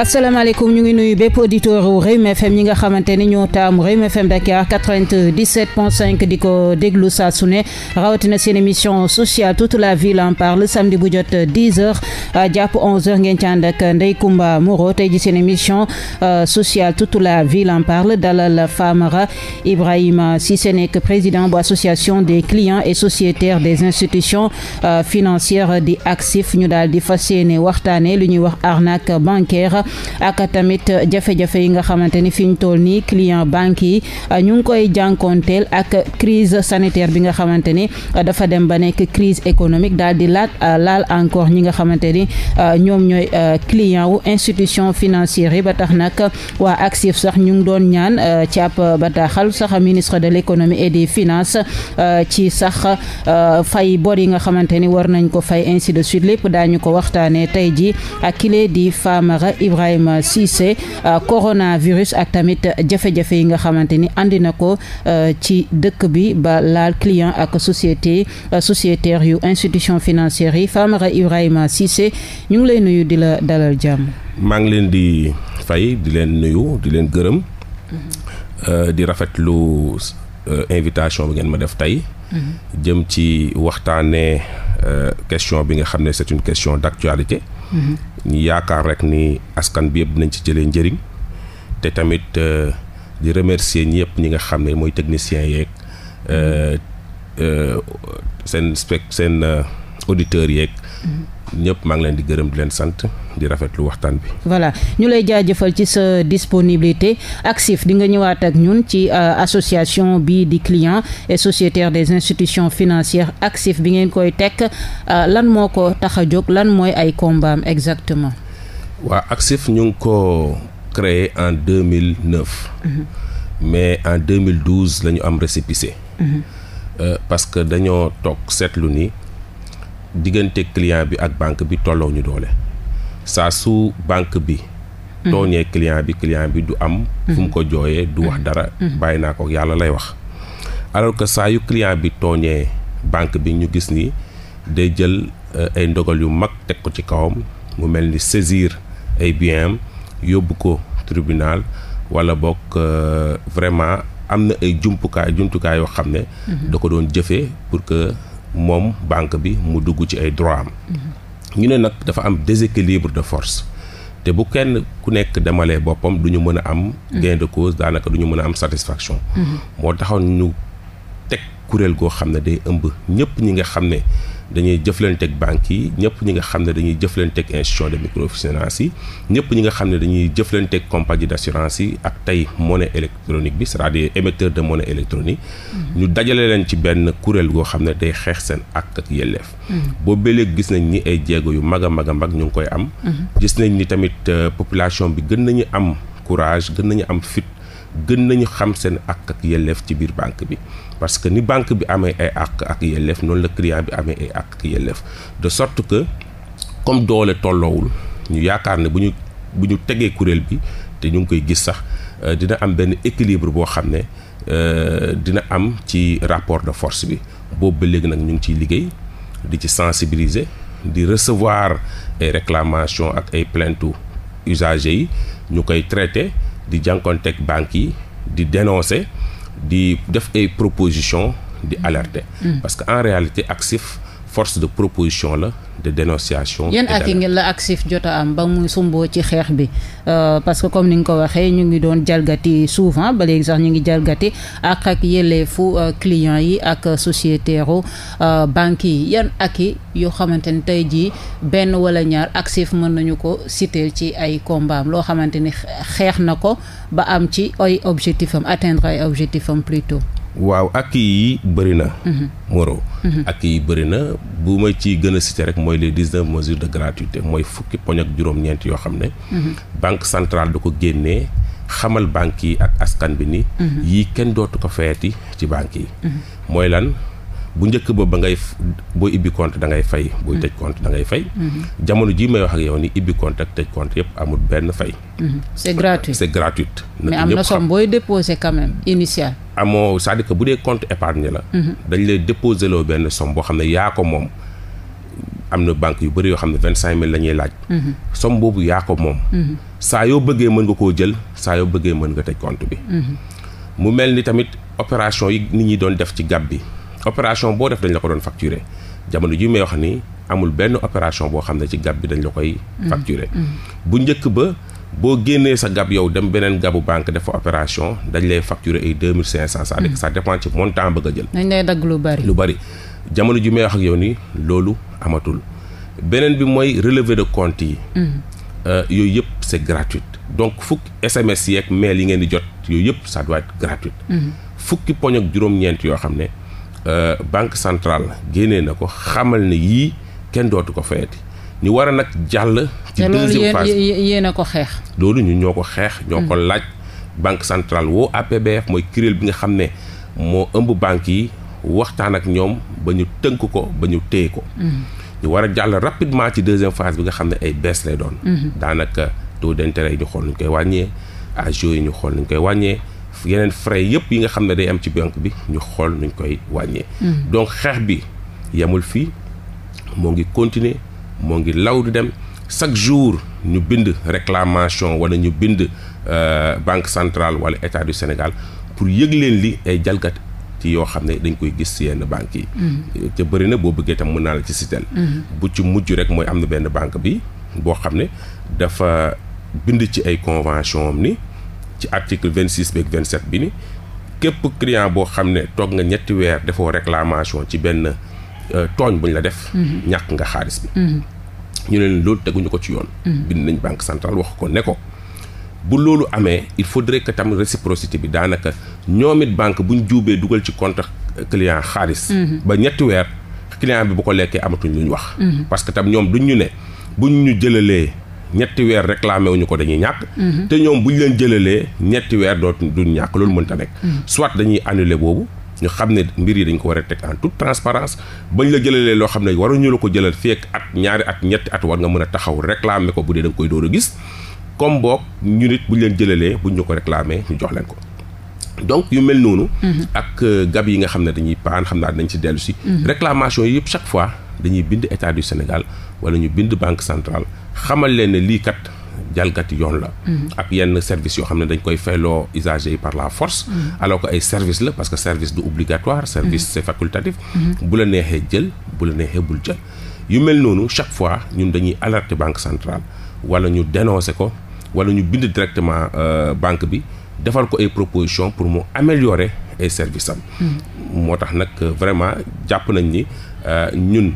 asalaamaaleykum ñu ngi nuyu bépp auditeur u Rewmi FM ñi nga xamante ni ñoo taamu Rewmi FM Dakar 97.5 di ko déglu saa su ne rawatina seen émission sociale toute la ville en parle samedi bu jot 10 heures jàpp 11 heures ngeen ci ànd ak Ndeye Comba Moreau tey ji seen émission euh, sociale toute la ville en parle dalal Famara Ibrahima Cissé nekk président bu association des clients et sociétaires des institutions euh, financières di ACSIF ñu daal di fas yéene waxtaane lu ñuy wax arnaque bancaire ak tamit jafe-jafe yi nga xamante ni fi ñu toll nii client banque yi euh, ñu ngi koy jànkoonteel ak crise sanitaire bi nga xamante ni euh, dafa dem ba nekk crise économique daal di laat euh, laal encore ñi nga xamante ni ñoom ñooy client wu institution financière yi ba tax nag waa ACSIF sax ñu ngi doon ñaan ci ab bataaxal sax ministre de l'économie et des finances ci sax fay bor yi nga xamante ni war nañ ko fay ainsi de suite lépp daañu ko waxtaanee tey ji ak di Ibrahima Cissé euh, coronavirus ak tamit jafe-jafe yi nga xamante ni andi na ko euh, ci dëkk bi ba laal client ak société euh, sociétaire yu institution financière yi Famara Ibrahima Cissé ñu ngi lay nuyu di la dalal jàmm. maa ngi leen di fay di leen nuyu di leen gërëm. di rafetlu invitation bi ngeen ma def tey. jëm ci waxtaanee question bi nga xam ne c'est une question d'actualité. ñu yaakaar rek ni askan bi yëpp nañ ci jëlee njëriñ te tamit euh, di remercier ñëpp ñi nga xam ne mooy techniciens yeeg euh, euh, seen spec seen. auditeurs yeeg. ñëpp maa ngi leen di gërëm di leen sant di rafetlu waxtaan bi. voilà ñu lay jaajëfal ci sa disponibilité ACSIF di nga ñëwaat ak ñun ci euh, association bi di clients et sociétaires des institutions financières ACSIF bi ngeen koy tekk euh, lan moo ko tax a jóg lan mooy ay kombaam exactement. waa ACSIF ñu ngi ko créé en 2009. Mm-hmm. mais en 2012 la ñu am récépissé. Mm-hmm. Euh, parce dañoo toog seetlu ni. diggante client bi ak banque bi tolloo ñu doole saa su banque bi tooñee client bi client bi du am fu mu mhm. ko jooyee du wax mhm. dara mhm. bàyyi naa ko yàlla lay wax alors que saa yu client bi tooñee banque bi ñu gis ni day jël euh, ay ndogal yu mag teg ko ci kawam mu mel ni saisir ay bien yóbbu ko tribunal wala boog euh, vraiment am na ay jumtukaay jumtukaay yoo xam ne da ko doon jëfee pour que moom banque bi mu dugg ci ay droit am ñu ne nag dafa am déséquilibre de force te bu kenn ku nekk demalee boppam du ñu mën a am gain de cause daanaka du ñu mën a am satisfaction mm-hmm. moo taxoon ñu teg kuréel goo xam ne day ëmb ñëpp ñi nga xam ne dañuy jëflanteeg banques yi ñëpp ñi nga xam ne dañuy jëflanteeg institution de microfinance yi ñëpp ñi nga xam ne dañuy jëflanteeg compagnie d' assurance yi ak tey monnaie électronique bi c' est à dire émetteur de monnaie électronique. Hmm. ñu dajale leen ci benn kuréel goo xam ne day xeex seen ak ak yelleef. Hmm. boobu ba gis nañ ni ay jéego yu mag a mag a mag ñu ngi koy am. Hmm. gis nañ ni tamit euh, population bi gën nañu am courage gën nañu am fit gën nañu xam seen ak ak ci biir banque bi. parce que ni banque bi amee ay àq ak yelleef noonu la client bi amee ay àq ak yelleef de sorte que comme doole tolloowul ñu yaakaar ne bu ñu bu ñu tegee kuréel bi te ñu ngi koy gis sax euh, dina am benn équilibre boo xam ne euh, dina am ci rapport de force bi boobu ba léegi nag ñu ngi ciy liggéey di ci sensibiliser di recevoir ay réclamations ak ay plaintes usagers yi ñu koy traité di teg banque yi di dénoncer di def ay propositions di alerter. Mm. parce que en réalité ACSIF force de proposition la de dénonciation. yan ak yi ngeen la actif jot am ba mu sumboo ci xeex bi euh, parce que comme ni nga ko waxee ñu ngi doon jalgati souvent bale léegi sax ñu ngi jalgati ak ak yelleefu euh, client yi ak sociétaire euh, banque yi yan ak yi yoo xamante ni tey jii benn wala ñaar actif mën nañu ko citer ci ay kombaam loo xamante ni xeex na ko ba am ci ay objectif am atteindre ay objectif am plutôt. waaw ak yi bëri na. Mhm. Moro. Mhm. ak yi bëri na bu ma ci gën a cité rek mooy les dix neuf de gratuité mooy fukki poñ ak juróom-ñeent yoo xam ne. Mhm. banque centrale da ko génnee xamal banques yi ak askan bi ni. yi kenn dootu ko feeti ci banque yi. mooy lan. bu njëkk boobu ba ngay booy ibbi compte da ngay fay. buy mm-hmm. tëj compte da ngay fay. Mm-hmm. jamono jii may wax ak yow ni ibbi compte ak tëj compte yëpp amul benn fay. Mm-hmm. c'est gratuit c'est gratuit. mais am na somme booy déposé quand même initial. amoo cest à bu dee compte épargne la. dañ lay déposé loo benn somme boo xam ne yaa ko moom. am na banque yu bëri yoo xam ne vingt cinq mille la ñuy laaj. somme boobu yaa ko moom. saa yoo bëggee mën nga koo jël saa yoo bëggee mën nga tëj compte bi. mu mel ni tamit opération yi nit ñi doon def ci gab bi. opération boo def dañ la ko doon facturer jamono ji may wax ni amul benn opération boo xam ne ci gab bi dañ la koy mm-hmm. facturer mm-hmm. bu njëkk ba boo génnee sa gab yow dem beneen gabu banque def fa opération dañ lay facturer ay deux mille cinq cent ça mm-hmm. ça ci montant bëgg a jël lu bari lu bari jamono ji may wax ak yow ni loolu amatul beneen bi mooy relever de compte yi euh, yooyu yëpp c'est gratuit donc fukk SMS yeek mail yi ngeen di jot yooyu yëpp ça doit être gratuit fukki poñ juróom-ñeent yoo xam ne Euh, banque centrale génnee na ko xamal na yii kenn dootu ko fayati ñu war a nag jàll. ci deuxième phase yéen a ko xeex. loolu ñun ñoo ko xeex. ñoo ko hmm. laaj banque centrale woo APBF mooy kuréel bi nga xam ne moo ëmb banque yi waxtaan ak ñoom ba ñu tënk ko ba ñu téye ko. Hmm. ñu war a jàll rapidement ci deuxième phase bi nga xam ne ay baisse lay doon. Hmm. daanaka taux d'intérêt yi ñu xool nuñ koy wàññee. agio yi ñu xool nuñ koy wàññee. yeneen frais yëpp yi nga xam ne day am ci banque bi ñu xool nuñ koy wàññee. Mm-hmm. donc xeex bi yemul fii moo ngi continuer moo ngi law di dem chaque jour ñu bind réclamation wala ñu bind euh, banque centrale wala état du Sénégal pour yëg leen li ay jalgat ci yoo xam ne dañ koy gis ci yenn banques yi. Mm-hmm. te bëri na boo bëggee tam mun naa la ci citer. Mm-hmm. bu ci mujj rek mooy am na benn banque bi boo xam ne dafa bind ci ay convention am ni. ci article vingt six beeg vingt sept bi ni képp client boo xam ne toog nga ñetti weer defoo réclamation ci benn euh, tooñ buñ la def. Mhm. ñàkk nga xaalis bi. Mhm. ñu ne leen loolu ñu ko ci yoon. Mhm. bind nañ banque centrale wax ko ne ko. bu loolu amee il faut faudrait que tam réciprocité bi daanaka ñoom it banque buñ juubee dugal ci conte client xaalis. ba ñetti weer client bi bu ko lekkee amatuñ ñu ñu wax. parce que tam ñoom duñ ñu ne buñ ñu jëlalee. ñetti weer réclamé wuñu ko dañuy ñàkk. Mhm. te ñoom bu ñu leen jëlalee ñetti weer doo duñ ñàkk loolu mënta nekk. Mhm. soit dañuy annuler boobu. ñu xam ne mbir yi dañ ko war a teg en toute transparence bañ la jëlalee loo xam ne waruñu la ko jëlal fekk at ñaari at ñetti at war nga mën a taxaw réclamer ko bu dee da nga koy door a gis comme boog ñu nit buñ leen jëlalee buñ ñu ko réclamer ñu jox leen ko donc yu mel noonu mhm. ak euh, gab yi nga xam ne dañuy paan xam naa dañ ci dellu si réclamation yëpp chaque fois dañuy bind état du Sénégal wala ñu bind banque centrale xamal leen ne lii kat jalgati yoon la. Mhm. ak yenn service yoo xam ne dañ koy fayloo usagers par la force. Mhm. alors que ay service la parce que service du obligatoire. service mhm. c'est facultatif. bu la neexee jël bu la neexee bul jël. yu mel noonu chaque fois ñun dañuy alerter banque centrale wala ñu dénoncer ko wala ñu bind directement euh, banque bi defal ko ay proposition pour mu améliorer ay service am. moo tax nag vraiment jàpp nañ ni euh, ñun.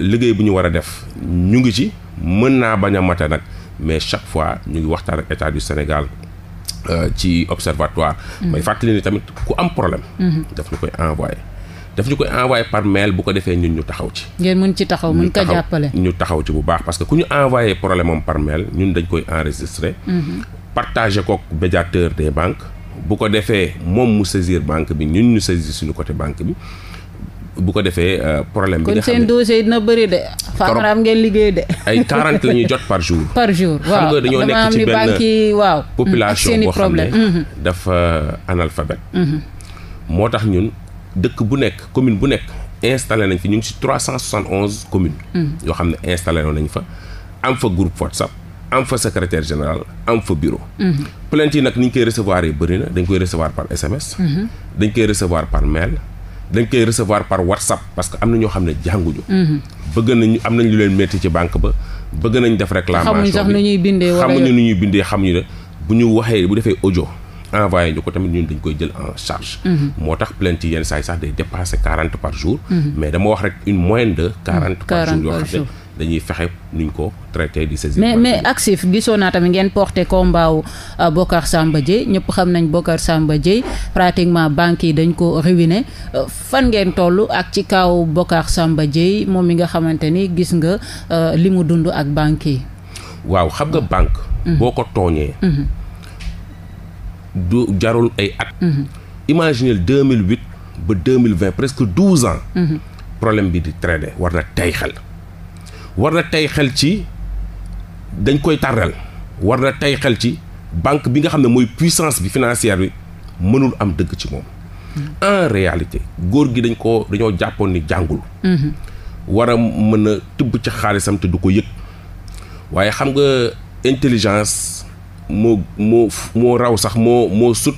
liggéey bu ñu war a def ñu ngi ci mën naa bañ a mate nag mais chaque fois ñu ngi waxtaan ak état du Sénégal euh, ci observatoire. Mm-hmm. may fàttali ni tamit ku am problème. Mm-hmm. daf ñu koy envoyé. daf ñu koy envoyé par mail bu ko defee ñun ñu taxaw ci. ngeen mën ci taxaw mën ko jàppale. ñu taxaw ci bu baax parce que ku ñu envoyé problème am par mail ñun dañ koy enregistré. Mm-hmm. partagé kook médiateur de banque bu ko defee moom mu saisir banque bi ñun ñu saisir suñu côté banque bi. bu ko defee euh, problème bi. nga xam ne kon seen dossier dina bëri de. ngeen liggéey de. ay 40 la ñuy jot par jour. par jour waaw xam nga dañoo nekk ci benn waaw. population boo xam ne mhm. dafa analphabète. Mhm. moo tax ñun dëkk bu nekk commune bu nekk installé nañ fi ñu ngi si 371 communes. Mhm. yoo xam ne installé nañ fa am fa groupe WhatsApp. am fa secrétaire général am fa bureau. plainte yi nag ni ñu koy recevoir yi bëri na dañ koy recevoir par SMS. dañ koy recevoir par mail. dañ koy recevoir par whatsapp parce que am na ñoo xam ne jànguñu. Mhm. bëgg nañu am nañ lu leen métti ci banque ba bëgg nañ def réclamation bi xamuñu sax nu ñuy bindee wala xamuñu nu ñuy bindee xamuñu ne bu ñu waxee bu defee audio. envoyé ñu ko tamit ñun dañ koy jël en charge mhm. moo tax plainte yi yenn saa yi sax day dépasser quarante par jour mhm. mais dama wax rek une moyenne de quarante par jour yoo xam ne dañuy fexe nuñ ko traité di saisir. mais mais actif gisoo naa tamit ngeen porté combat wu euh, Bocar Samba Dièye ñëpp xam nañ Bocar Samba Dièye pratiquement banques yi dañ ko ruiné euh, fan ngeen toll ak ci kaw Bocar sàmba Dièye moom mi nga xamante ni gis nga euh, li mu dund ak banque yi. waaw xam nga banque. Mhm. boo ko tooñee. Mhm. du jarul ay at. Mhm. imaginez 2008 ba 2020 presque 12 ans. problème bi di traité war na tey xel. war na tey xel ci dañ koy tàrrel war na tey xel ci banque bi nga xam ne mooy puissance bi financière bi mënul am dëgg ci moom en réalité góor gi dañ ko dañoo jàppoon ni jàngul mm-hmm. war a mën a tibb ci xaalisam te du ko yëg waaye xam nga intelligence moo moo moo raw sax moo moo sut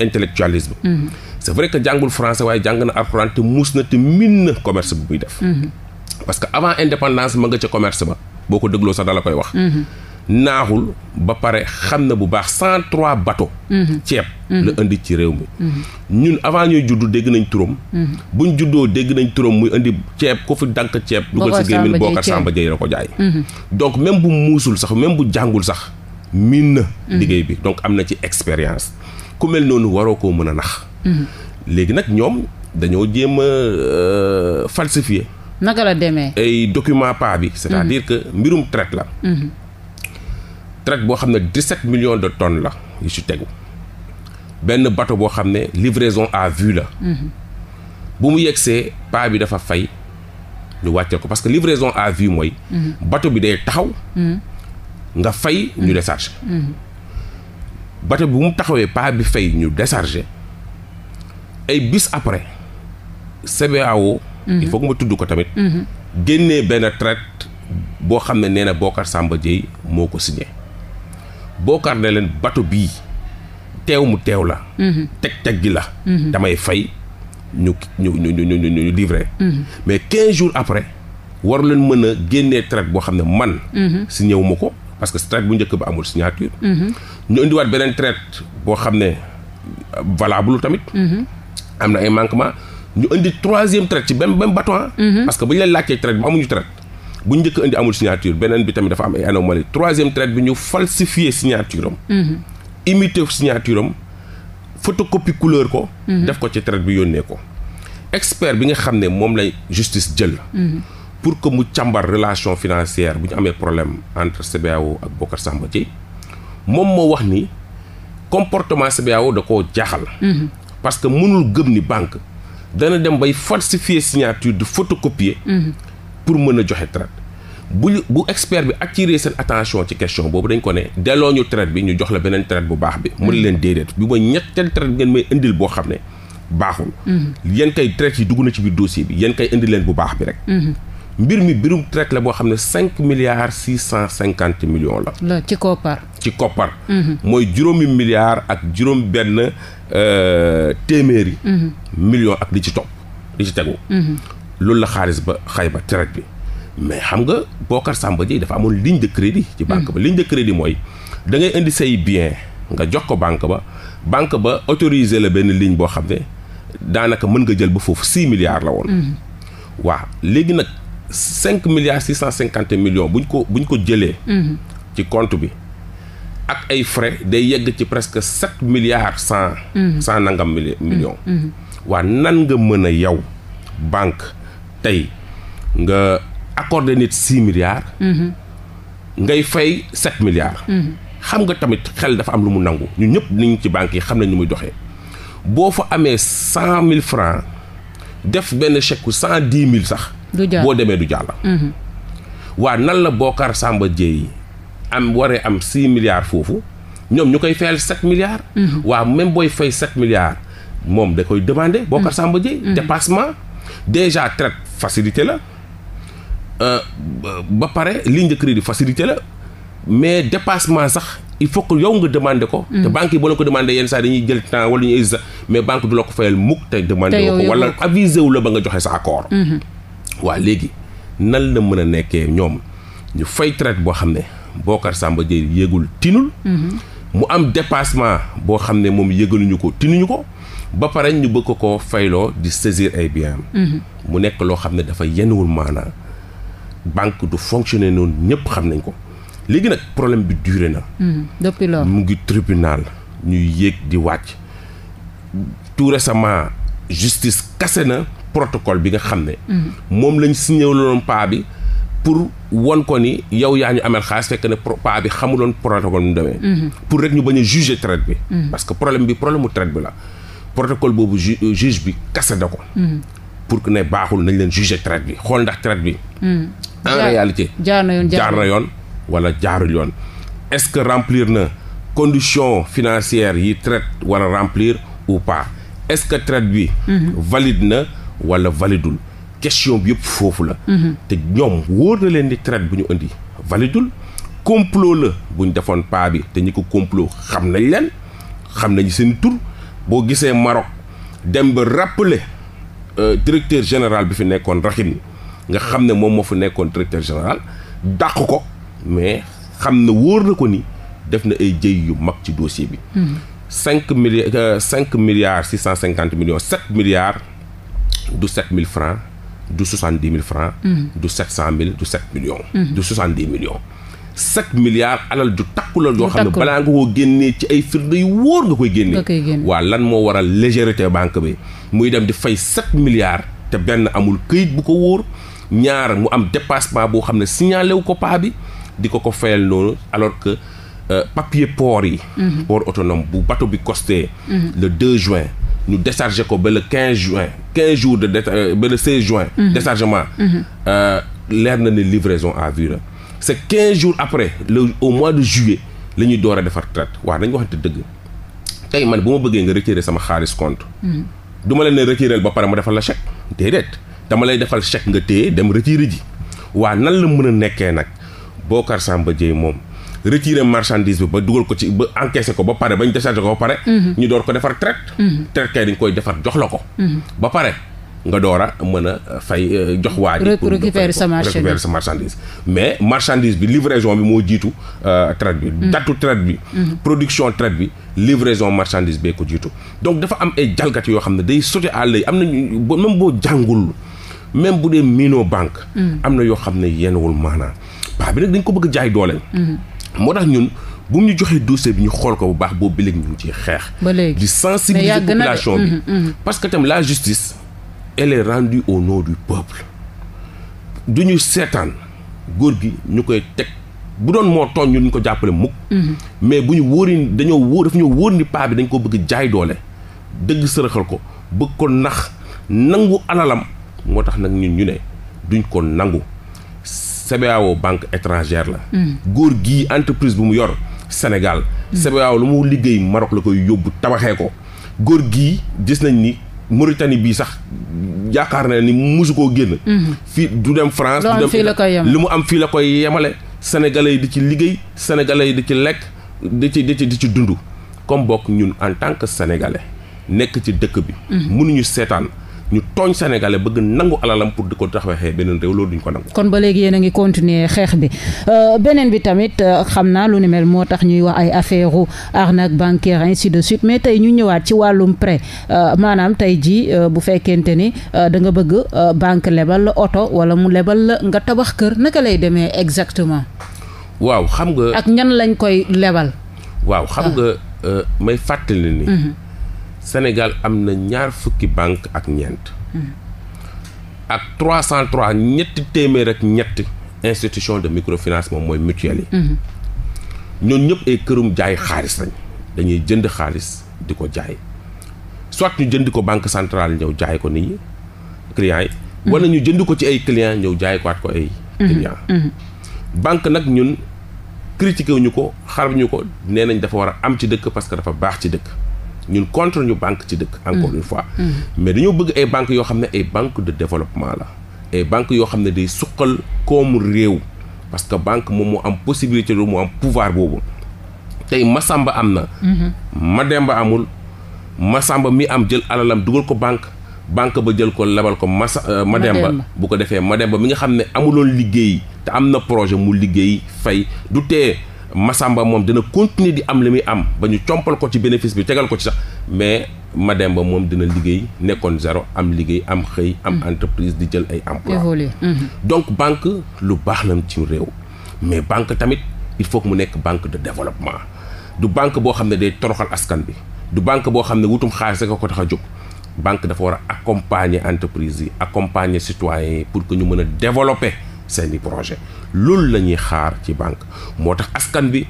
intellectualisme mm-hmm. c'est vrai que jàngul français waaye jàng na alxuraan te muus na te min na commerce bi muy def mm-hmm. parce que avant indépendance ma nga ca commerce ba boo ko dégloo sax dala koy wax. Mhm. naaxul ba pare xam na bu baax cent trois bateaux. Mhm. ceeb mhm. la indi ci réew mi. ñun avant ñuy juddu dégg nañ turam. buñ juddoo dégg nañ turam muy indi ceeb ku fi dànk ceeb. dugal si gémmiñ Bocar Samba Dièye la ko jaay. donc même bu muusul sax même bu jàngul sax miin na. liggéey bi donc am na ci expérience. ku mel noonu waroo koo mën a nax. léegi nag ñoom dañoo jéem a euh, falsifier. naka la demee. ay document pas bi. c' est à dire mm-hmm. que mbirum traite la. Mm-hmm. traite boo xam ne 17 millions de ton la yu si tegu benn bateau boo xam ne livraison à vue la. Mm-hmm. bu mu yegsee pas bi dafa fay ñu wàccee ko parce que livraison à vue mooy. bateau bi day taxaw. nga fay ñu décharge. bateau bi bu mu taxawee pas bi fay ñu déchargé ay bis après CBAO. Mm-hmm. il faut que ma tudd ko tamit. Mm-hmm. génne benn traite boo xam ne nee na Bocar Samba Dièye moo ko signé Bocar ne leen bato bii teew mu teew la. teg-teg mm-hmm. gi la. damay fay ñu ñu ñu ñu ñu ñu livré. mais quinze jours après war leen mën a génnee traite boo xam ne man. signé ma ko parce que traite bu njëkk ba amul signature. ñu indiwaat beneen traite boo xam ne valable tamit. am na ay manquement ñu indi troisième traite ci benn même bateau mhm. parce que bu ñu leen laajtee traite bi amuñu traite bu ñu njëkk indi amul signature beneen bi tamit dafa am ay anomalie troisième traite bi ñu falsifier signature am. Mhm. imiter signature am ko. Mhm. def ko ci traite bi yónnee ko. expert bi nga xam ne moom lay justice jël. pour que mu càmbar relation financière bu ñu amee problème entre CBAO ak Bokar Samba Dièye moom moo wax ni comportement CBAO da ko jaaxal. parce que mënul ni banque. dana dem bay falsifier signature di photocopier. Mhm. pour mën a joxe traite. bu bu expert bi attirer seen attention ci question boobu dañ ko ne delloo ñu traite bi ñu jox la beneen traite bu baax bi. mu mhm. leen déedéet bi mooy ñetteel traite ngeen may indil boo xam ne baaxul. Mhm. yan kay traite yi dugg na ci biir dossier bi yéen kay indi leen bu baax bi rek. mbir mi birum traite la boo xam ne cinq milliards six cent cinquante millions la. ci koppar. ci koppar. Mhm. mooy juróomi milliards ak juróom benn euh, téeméeri. Mhm. million ak li ci topp li ci tegu. Mhm. loolu la xaalis ba xayma traite bi mais xam nga Bocar Samba Dièye dafa amoon ligne de crédit. ci banque ba ligne de crédit mooy da ngay indi say bien nga jox ko banque ba banque ba autorisé la benn ligne boo xam ne daanaka mën nga jël ba foofu six milliards la woon. waaw léegi nag. cinq milliards six cent cinquante millions bu ñu ko bu ñu ko jëlee. ci compte bi ak ay frais day yegg ci presque sept milliards cent. Mm-hmm. cent nangam mm-hmm. millions. Mm-hmm. waa nan nga mën a yow banque tey nga accordé nit six milliards. ngay fay sept milliards. xam nga tamit xel dafa am lu mu nangu ñu ñëpp niñ ci banque yi xam nañ ñu muy doxee boo fa amee cent mille francs def benn chèque cent dix mille sax. boo demee du jàll mhm. waa nan la Bocar Samba Dièye am waree am six milliards foofu ñoom ñu koy fayal sept milliards mhm. waa même booy fay sept milliards moom da koy demandé Bocar mhm. Samba Dièye dépassement déjà traite facilité la euh, ba pare ligne de crédit facilité la mais dépassement sax il faut que yow nga demande ko. te banque yi boo leen ko demandé yenn saa dañuy jël temps wala ñu mais banque du la ko fayal mukk te demandé. ko wala avisé la ba nga joxe sa accord. waa léegi nan la mën a nekkee ñoom ñu fay traite boo xam ne Bocar Samba Dièye yéegul tinul mu am dépassement boo xam ne moom yëgaluñu ko tinuñu ko ba pare ñu bëgg ko fayloo di saisir ay biens mu nekk loo xam ne dafa yenuwul maanaa banque du fonctionner noonu ñëpp xam nañ ko léegi nag problème bi duré na depuis lors mu ngi tribunal ñuy yéeg di wàcc tout récemment justice kase na protocole bi nga xam ne. Mm-hmm. moom lañ signé woon paa bi pour won ko ni yow yaa ñu amel xaalis fekk ne paa bi xamuloon protocole mu demee. Mm-hmm. pour rek ñu bañ a juger traite bi. Mm-hmm. parce que problème bi problème mu traite bi la. protocole boobu euh, juge bi kase ko. pour que ne baaxul nañ leen juger traite bi xool ndax traite bi. en réalité jaar na yoon jaar na yoon wala jaarul yoon. est-ce que remplir na conditions financières yi traite wala remplir ou pas est-ce que wala validul question bi yëpp foofu la. Mhm. te ñoom wóor na leen ni traite bu ñu indi validul complot la bu ñu defoon paa bi te ñi ko complot xam nañ leen xam ñu seen tur boo gisee Maroc dem ba rappeler euh, directeur général bi fi nekkoon Rakhine nga xam ne moom moo fi nekkoon directeur général dàq ko mais xam na wóor na ko ni def na ay jëy yu mag ci dossier bi. Mhm. cinq milliards euh, cinq milliards six cent cinquante millions sept milliards. du sept mille francs du soixante dix mille francs mhm. du sept cent mille du sept millions mhm. du soixante dix millions sept milliards alal ju takku la xam ne balaa nga koo génnee ci ay firnde yu wóor nga koy génne waa lan moo waral légèreté banque bi muy dem di fay sept milliards te benn amul këyit bu ko wóor ñaar mu am dépassement boo xam ne signalé wu ko paa bi di ko ko fayal noonu alors que euh, papier port yi mhm. port autonome bu bateau bi costé le juin ñu déchargé ko ba le 15 juin 15 jours de euh, ba le 16 juin. Mhm. déchargement. Mhm. Euh, leer na ne livraison à vue la c'est jour après le au mois de juillet la ñuy door a defar traite waaw dañu waxante dëgg tey man bu ma bëggee nga retirer sama xaalis compte. Mhm. du ma leen ne retirer ba pare ma defal la chèque déedéet dama lay defal chèque nga téye dem retirer ji waa nan la mën a nekkee nag boo Bocar ba Dièye moom. retirer marchandise bi ba dugal ko ci ba encaissé ko ba pare ba ñu déchargé ko ba pare. Mhm. ñu door ko defar traite. Mhm. traite kay dañ koy defar jox la ko. Mhm. ba pare nga door a mën a fay euh, jox waa ji. pour récupérer sa marchandise mais marchandise bi livraison bi moo jiitu euh, traite bi. datu traite bi. production traite bi. livraison marchandise bee ko jiitu donc dafa am ay jalgati yoo xam ne day sauter à l'œil am nañu même boo jàngul même bu dee miinoo banque. am na yoo xam ne yenn wul maanaa paa ko bëgg jaay doole. moo tax ñun bu mu ñu joxee dossier bi ñu xool ko bu baax boobu ba léegi ñu ngi xeex. ba léegi di sensibiliser population bi mm-hmm, mm-hmm. parce que tam la justice. elle est rendue au nom du peuple. du ñu seetaan góor gi ñu koy teg bu doon moo tooñ ñu ñu ko jàppale mukk. Mm-hmm. mais bu ñu wóor ni dañoo wóor dafa ñoo wóor ni paa bi dañ ko bëgg jaay doole. dëgg sërëxal ko bëgg ko nax nangu alalam moo tax nag ñun ñu ne duñ ko nangu. CBAO banque étrangère la. Hmm. góor gii entreprise bu mu yor Sénégal. Hmm. CBAO lu mu liggéey Maroc la koy yóbbu tabaxee ko góor gi gis nañ ni. Mauritanie bii sax yaakaar na ni musu koo génn. Hmm. fii du dem France. du li mu am fii la koy yemale. sénégalais yi di ci liggéey sénégalais yi di ci lekk di ci di ci di ci dund comme bokk ñun en tant que sénégalais nekk ci dëkk bi. mënuñu seetaan. ñu tooñ sénégalais bëgg nangu alalam pour di ko taxawee beneen réew loolu duñ ko nangu. kon ba léegi yéen a ngi continuer xeex bi euh, beneen bi tamit euh, xam naa lu ni mel moo tax ñuy wax ay affaire u arnaque bancaire ainsi de suite mais tey ñu ñëwaat ci wàllum prêt euh, maanaam tey jii bu fekkente ni da nga bëgg banque lebal la oto wala mu lebal la nga tabax kër naka lay demee exactement. waaw xam nga. ak ñan lañ koy lebal. waaw xam nga ah. may fàttali ni. Mhm. Sénégal am na ñaar fukki banque ak ñeent. Hmm. ak 303 ñetti téeméer ak ñetti institution de microfinance moom mooy mutuelle yi. Hmm. ñoon ñëpp ay kërum jaay xaalis lañ dañuy jënd xaalis di ko jaay soit ñu jënd ko banque centrale ñëw jaay ko nit ñi clients yi. Hmm. wala ñu jënd ko ci ay clients ñëw jaay ko at ko ay. clients banque nag ñun critiqué wuñu ko xarab ñu ko nee nañ dafa war a am ci dëkk parce que dafa baax ci dëkk. ñun contre ñu banque ci dëkk encore mm. une fois mm. mais dañoo bëgg ay banques yoo xam ne ay banque de développement la ay banque yoo xam ne day suqal koomu réew parce que banque moom moo am possibilité lu mu am pouvoir boobu tey Masamba am na mm-hmm. Mademba amul Masamba mi am jël alalam dugal ko banque banque ba jël ko lebal ko Masa euh, Mademba bu ko defee Mademba mi nga xam ne amuloon liggéey te am na projet mu liggéey fay du tee Masamba moom dina continuer di am li muy am ba ñu compal ko ci bénéfice bi tegal ko ci sax mais Mademba moom dina liggéey nekkoon zero am liggéey am xëy. am mm-hmm. entreprise di jël ay emploi mm-hmm. donc banque lu baax la ci réew. mais banque tamit il faut que mu nekk banque de développement du banque boo xam ne day toroxal askan bi du banque boo xam ne wutum xaalis rek ko tax a jóg. banque dafa war a accompagner entreprise yi accompagner citoyens yi pour que ñu mën a développer. seeni projet loolu la ñuy xaar ci banque moo tax askan bi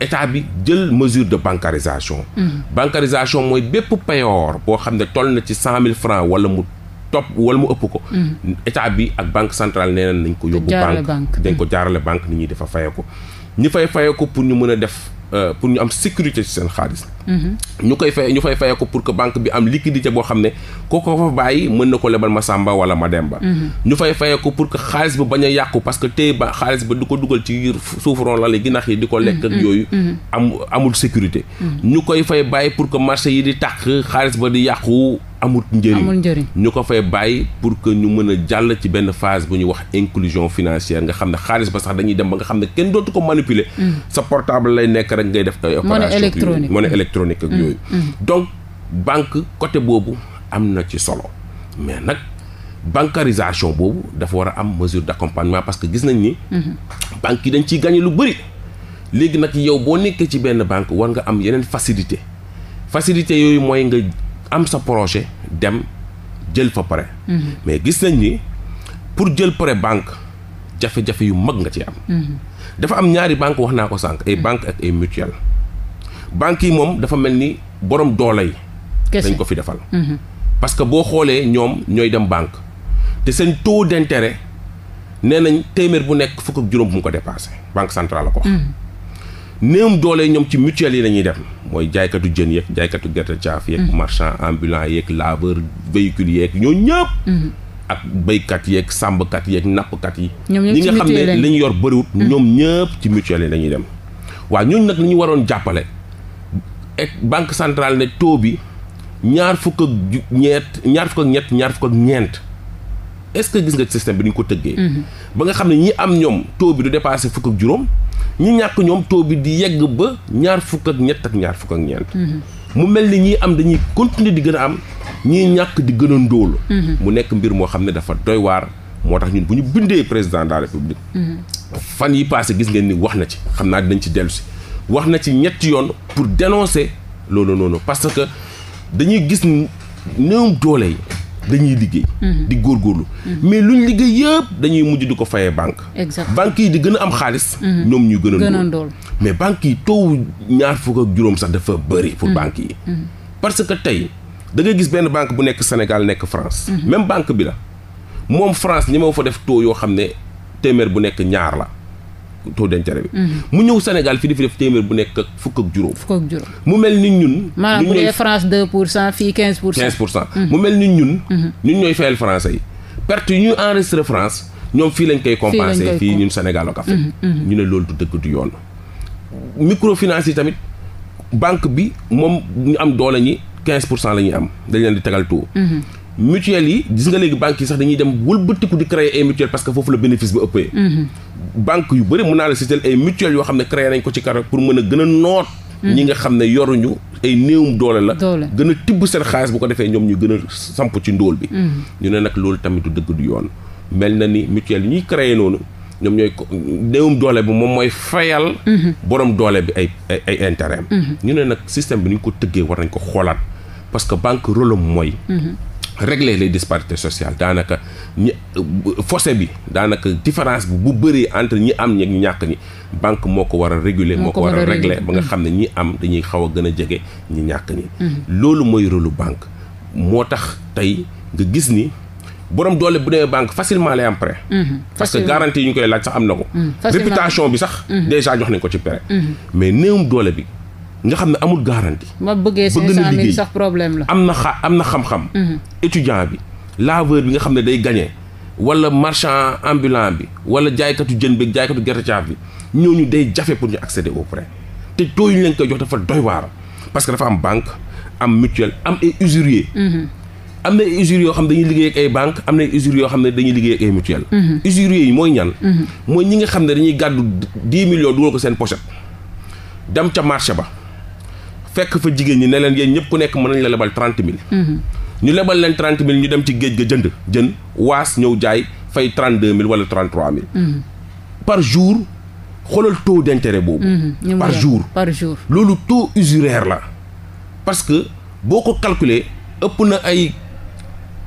état bi jël mesure de bancarisation mm-hmm. bancarisation mooy bépp payoor boo xam ne toll na ci cent mille francs wala mu topp wala mu ëpp ko mm-hmm. état bi ak banque centrale nee nañ ko yóbbu banque dañ ko mm-hmm. jaarale banque nit ñi dafa faye ko ñi fay faye ko pour ñu mën a def Euh, pour ñu am sécurité ci seen xaalis. Mhm. ñu koy fay ñu fay fayee ko pour que banque bi am liquidité boo xam ne koo ko fa bàyyi mën na ko lebal ma Samba wala ma Demba. Mhm. ñu fay fayee ko pour que xaalis ba bañ a yàqu parce que tey ba xaalis ba du ko dugal ci suufu ron la li ginax yi di ko lekk ak mhm. yooyu. amul sécurité. ñu koy fay bàyyi pour que marché yi di tàq xaalis ba di yàqu. amul njëriñ ñu ko fay bàyyi pour que ñu mën a jàll ci benn phase bu ñuy wax inclusion financière nga xam ne xaalis ba sax dañuy dem ba nga xam ne kenn dootu ko manipuler mm. sa portable lay nekk rek ngay def ay opération monnaie ak mm. yooyu mm. donc banque côté boobu am na ci solo mais nag bancarisation boobu dafa war a am mesure d'accompagnement parce que gis nañ ni mm-hmm. banques yi dañ ci gagné lu bëri léegi nag yow boo nekkee ci benn banque war nga am yeneen facilité facilité yooyu mooy am sa projet dem jël fa pare mais gis nañ ni pour jël prêt banque jafe-jafe yu mag nga ci am dafa am ñaari banque wax naa ko sànq ay banque ak ay mutuelle banques yi moom dafa mel ni borom doole yi sañ ko fi defal mhm. parce que boo xoolee ñoom ñooy dem banque te seen taux d'intérêt nee nañ téeméer bu nekk fukk ak juróom bu mu ko dépassé banque centrale la ko wax mhm. néewum doolee ñoom ci mutuelle yi la ñuy dem mooy jaaykatu jën yeeg jaaykatu gerte caaf yeeg mm-hmm. marchand ambulant yeeg laveur véhicule yeeg ñoo ñëpp mm-hmm. ak béykat yeeg sàmbkat yeeg nappkat yi ñi nga xam ne li yor bëriwut mm-hmm. ñoom ñëpp ci mutuelle yi la ñuy dem waaw ñooñu nag li ñu waroon jàppale et banque centrale ne taux bi ñaar fukk ak ñeet ñaar fukk ak ñett ñaar fukk ñeent est-ce que gis nga système bi ni ñu ko tëggee ba nga xam ne ñi am ñoom taux bi du dépassé fukk ak juróom ñi ñàkk ñoom taux bi di yegg ba ñaar fukk ak ñett ak ñaar fukk ak ñeent. mu mel ni ñii am dañuy continuer di gën a am ñii ñàkk di gën a ndóolu. mu nekk mbir moo xam ne dafa doy waar moo tax ñun bu ñu bindee président de république. fan yi passé gis ngeen ni wax na ci xam naa dinañ ci dellu si wax na ci ñetti yoon pour dénoncer loolu noonu parce que dañuy gis néew doole yi. dañuy liggéey. Mhm. di góorgóorlu. Mhm. mais luñ liggéey yëpp dañuy mujj di ko fayee banque. exactement banque yi di gën a am xaalis. Mhm. ñoom ñu gën a ndóol mais banque yi taux ñaar fukk ak juróom sax dafa bëri pour banque yi. parce que tey da ngay gis benn banque bu nekk Sénégal nekk France. même banque bi la moom France ñi moo fa def taux yoo xam ne téeméer bu nekk ñaar la. taux d'intérêt bi. Mhm. mu ñëw Sénégal fi di def téeméer bu nekk ak fukk ak juróom. mu mel ni ñun. maanaam bu dee France 2 pour cent fii 15 pour cent. Mhm. ñun. Mhm. ñun ñooy fayal français yi perte yu ñuy enregistré France ñoom fii lañ koy. compensé fii ñun Sénégal ak Afrique. ñu ne loolu du dëgg du yoon. microfinance yi tamit banque bi moom ñu am doole ñi 15 pour cent la ñuy am dañ leen di tegal taux. mutuelle yi gis nga léegi banques yi sax dañuy dem wëlbatiku di créer ay mutuelle parce que foofu la bénéfice bi ëppee mhm. banque yu bëri mun naa la citer ay mutuelle yoo xam ne créer nañ ko ci kara a mhm. ñi nga xam ne yoruñu ay néewum doole la gën a tibb seen xaalis bu ko defee ñoom ñu gën a samp ci ndóol bi mhm. ñu ne nag loolu tamit du dëgg du yoon mel na ni mutuelle yi ñuy créer noonu ñoom ñooy néewum doole bi moom mooy fayal boroom doole bi ay ay intérêt ñu ne nag système bi nu ñu ko tëggee war nañ ko xoolaat parce que banque rôle am mooy régler les disparités sociales daanaka ñi fossé bi daanaka différence bu bëree entre ñi am ñi ñàkk ñi banque moo ko war a réguler moo ko war a régler ba nga mm. xam ne ñi am dañuy xaw a gën a jege ñi ñàkk ñi mm. loolu mooy rôlu banque moo tax tey nga gis ni borom doole bu demee banque facilement lay am prêt mm-hmm. parce que garantie yi ñu koy laaj sax am na ko mm. réputation bi sax déjà jox nañ ko ci prêt mm-hmm. mais néewum doole bi nga xam ne amul garantie. ma bëgg 500000 sax problème la am na xa am na xam-xam. Mhm. étudiant bi laveur bi nga xam ne day gagné. wala marchand ambulant bi wala jaaykatu jën bi jaaykatu gerte caaf bi ñu day jafe pour ñu accéder au prêt te taux yi ñu koy jox dafa doy waar parce que dafa am banque am mutuel am ay usurier. Mhm. am na ay usuriers yoo xam ne dañuy liggéey ak ay banque am na ay usuriers yoo xam ne dañuy liggéey ak ay mutuelle. Mhm. usuriers yi mooy ñan. mooy ñi nga xam ne dañuy gàddu dix millions dugal ko seen pochette dem ca marché ba. fekk fa jigéen ñi ne leen yéen ñëpp ku nekk mën nañ la lebal trente mhm. ñu lebal leen trente mille ñu dem ci géej ga jënd jën waas ñëw jaay fay trente deux mille wala trente mhm. par jour xoolal taux d' intérêt boobu. Mhm. jour par jour. loolu taux usuraire la parce que boo ko calculer ëpp na ay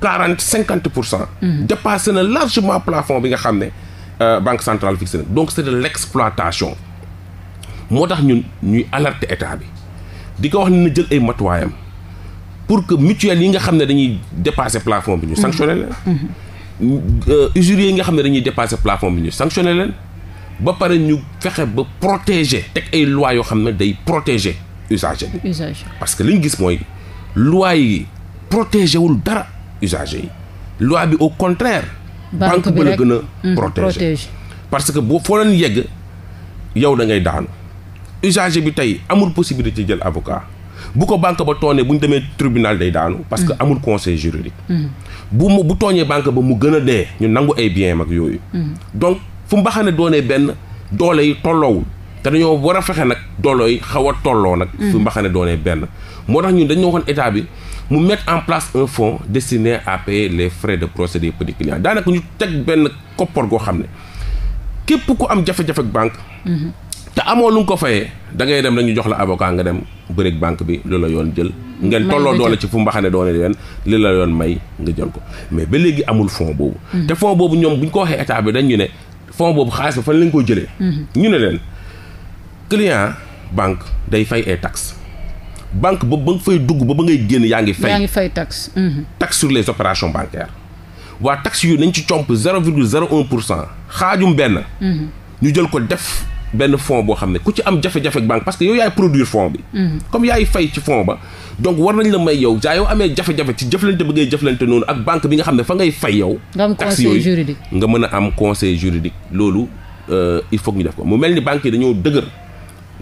quarante cinquante pour cent. dépassé na largement plafond bi nga xam ne euh, banque centrale fixé na donc c' est moo tax ñun ñuy alerter état bi. di ko wax ne na jël ay matuwaayam pour que mutuelle yi nga xam ne dañuy dépasser plafond bi ñu mhm. sanctionné leen mhm. euh, usuriers yi nga xam ne dañuy dépasser plafond bi ñu sanctionné leen ba pare ñu fexe ba protéger teg ay loi yoo xam ne day protéger usager bi parce que li ñu gis mooy loi yi protéger wul dara usager yi loi bi au contraire banque bi la gën a mhm, protéger parce que boo foo leen yegg yow da ngay daanu usager bi tey amul possibilité jël avocat bu ko banque ba toonee bu ñu demee tribunal day daanu. parce que mm. amul conseil juridique. Mm. bu mu bu tooñee banque ba mu gën a dee ñu nangu ay bien mag yooyu. Mm. donc fu mbaxane doonee benn doole yi tolloowul te dañoo war a fexe nag doole yi xaw a tolloo nag. fu mbaxane doonee benn. moo tax ñun dañu waxoon état bi mu mettre en place un fonds destiné à payer les frais de procédure pédiculaire daanaka ñu teg benn koppoor goo xam ne. képp ku am jafe-jafe ak banque. te amoo lu nga ko fayee dangay ngay dem dañu jox la avocat nga dem bëreeg banque bi lu la yoon jël. ngeen tolloo doole ci fu mbaxane doone leen li la yoon may nga jël ko mais ba léegi amul fonds boobu. Mhm. te fonds boobu ñoom bu ñu ko waxee état bi dañu ne fonds boobu xaalis ba fan lañ koo jëlee. Mhm. ñu ne leen client banque day fay ay taxes. banque ba ba nga fay dugg ba ba ngay génn yaa ngi. fay yaa ngi fay taxe. Mhm. taxe sur les opérations bancaires. waa taxe yu nañ ci comp zero virgule zero un pour xaajum benn. Mhm. ñu jël ko def benn fon boo xam ne ku ci am jafe-jafe banque parce que yow yaay produire fonds bi. Mhm. comme yaay fay ci fonds ba. donc war nañ la may yow jaa yow amee jafe-jafe ci jëflante bi ngay jëflante noonu ak banque bi nga xam ne fa ngay fay yow. taxe yooyu nga mën a am conseil juridique. loolu euh, il faut ñu def ko mu mel ni banque yi dañoo dëgër.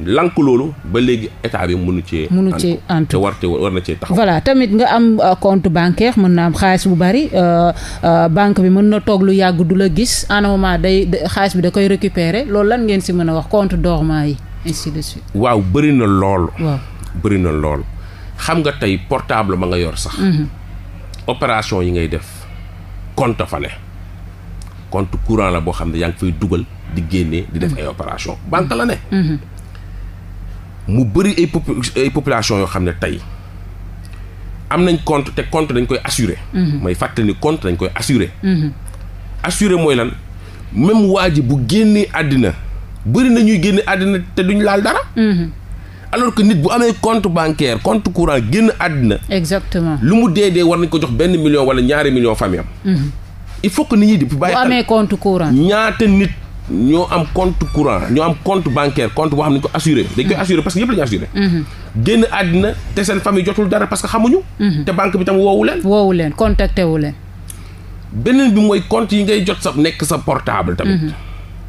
lank loolu ba léegi état bi mënu cee. mënu cee antu te war te war na cee taxaw. voilà tamit nga am euh, compte bancaire mën na am xaalis bu bari euh, euh, banque bi mën na toog lu yàgg du la gis en day xaalis bi da koy récupérer loolu lan ngeen si mën a wax compte dormant yi ainsi de waaw bëri na lool. waaw na lool. xam nga tey portable ma nga yor sax. Mhm. opération yi ngay def compte fa ne compte courant la boo xam ne yaa ngi fay dugal di génnee di def mhm. ay opération banque la ne. Mhm. mu bëri ay pop ay population yoo xam ne tey am nañ compte te compte dañ koy assurer. Mhm. may fàttali ni compte koy assurer. Mhm. assurer mooy lan même waa ji bu génnee àddina bari na ñuy génne àddina te duñ laal dara. Mhm. alors que nit bu amee compte bancaire compte courant génn àddina. exactement lu mu dee dee war nañ ko jox benn million wala ñaari million famille il faut que nit ñi di. bàyyi bu amee compte courant ñaata nit. ñoo am compte courant ñoo am compte bancaire compte boo xam ne ñu ko assuré. dañ koy mm-hmm. assuré parce que yëpp la ñu mm-hmm. génn àddina te seen famille jotul dara parce que xamuñu. Mm-hmm. te banque bi tam woowu leen. woowu leen contacté wu leen. beneen bi mooy compte yi ngay jot sa nekk sa portable tamit.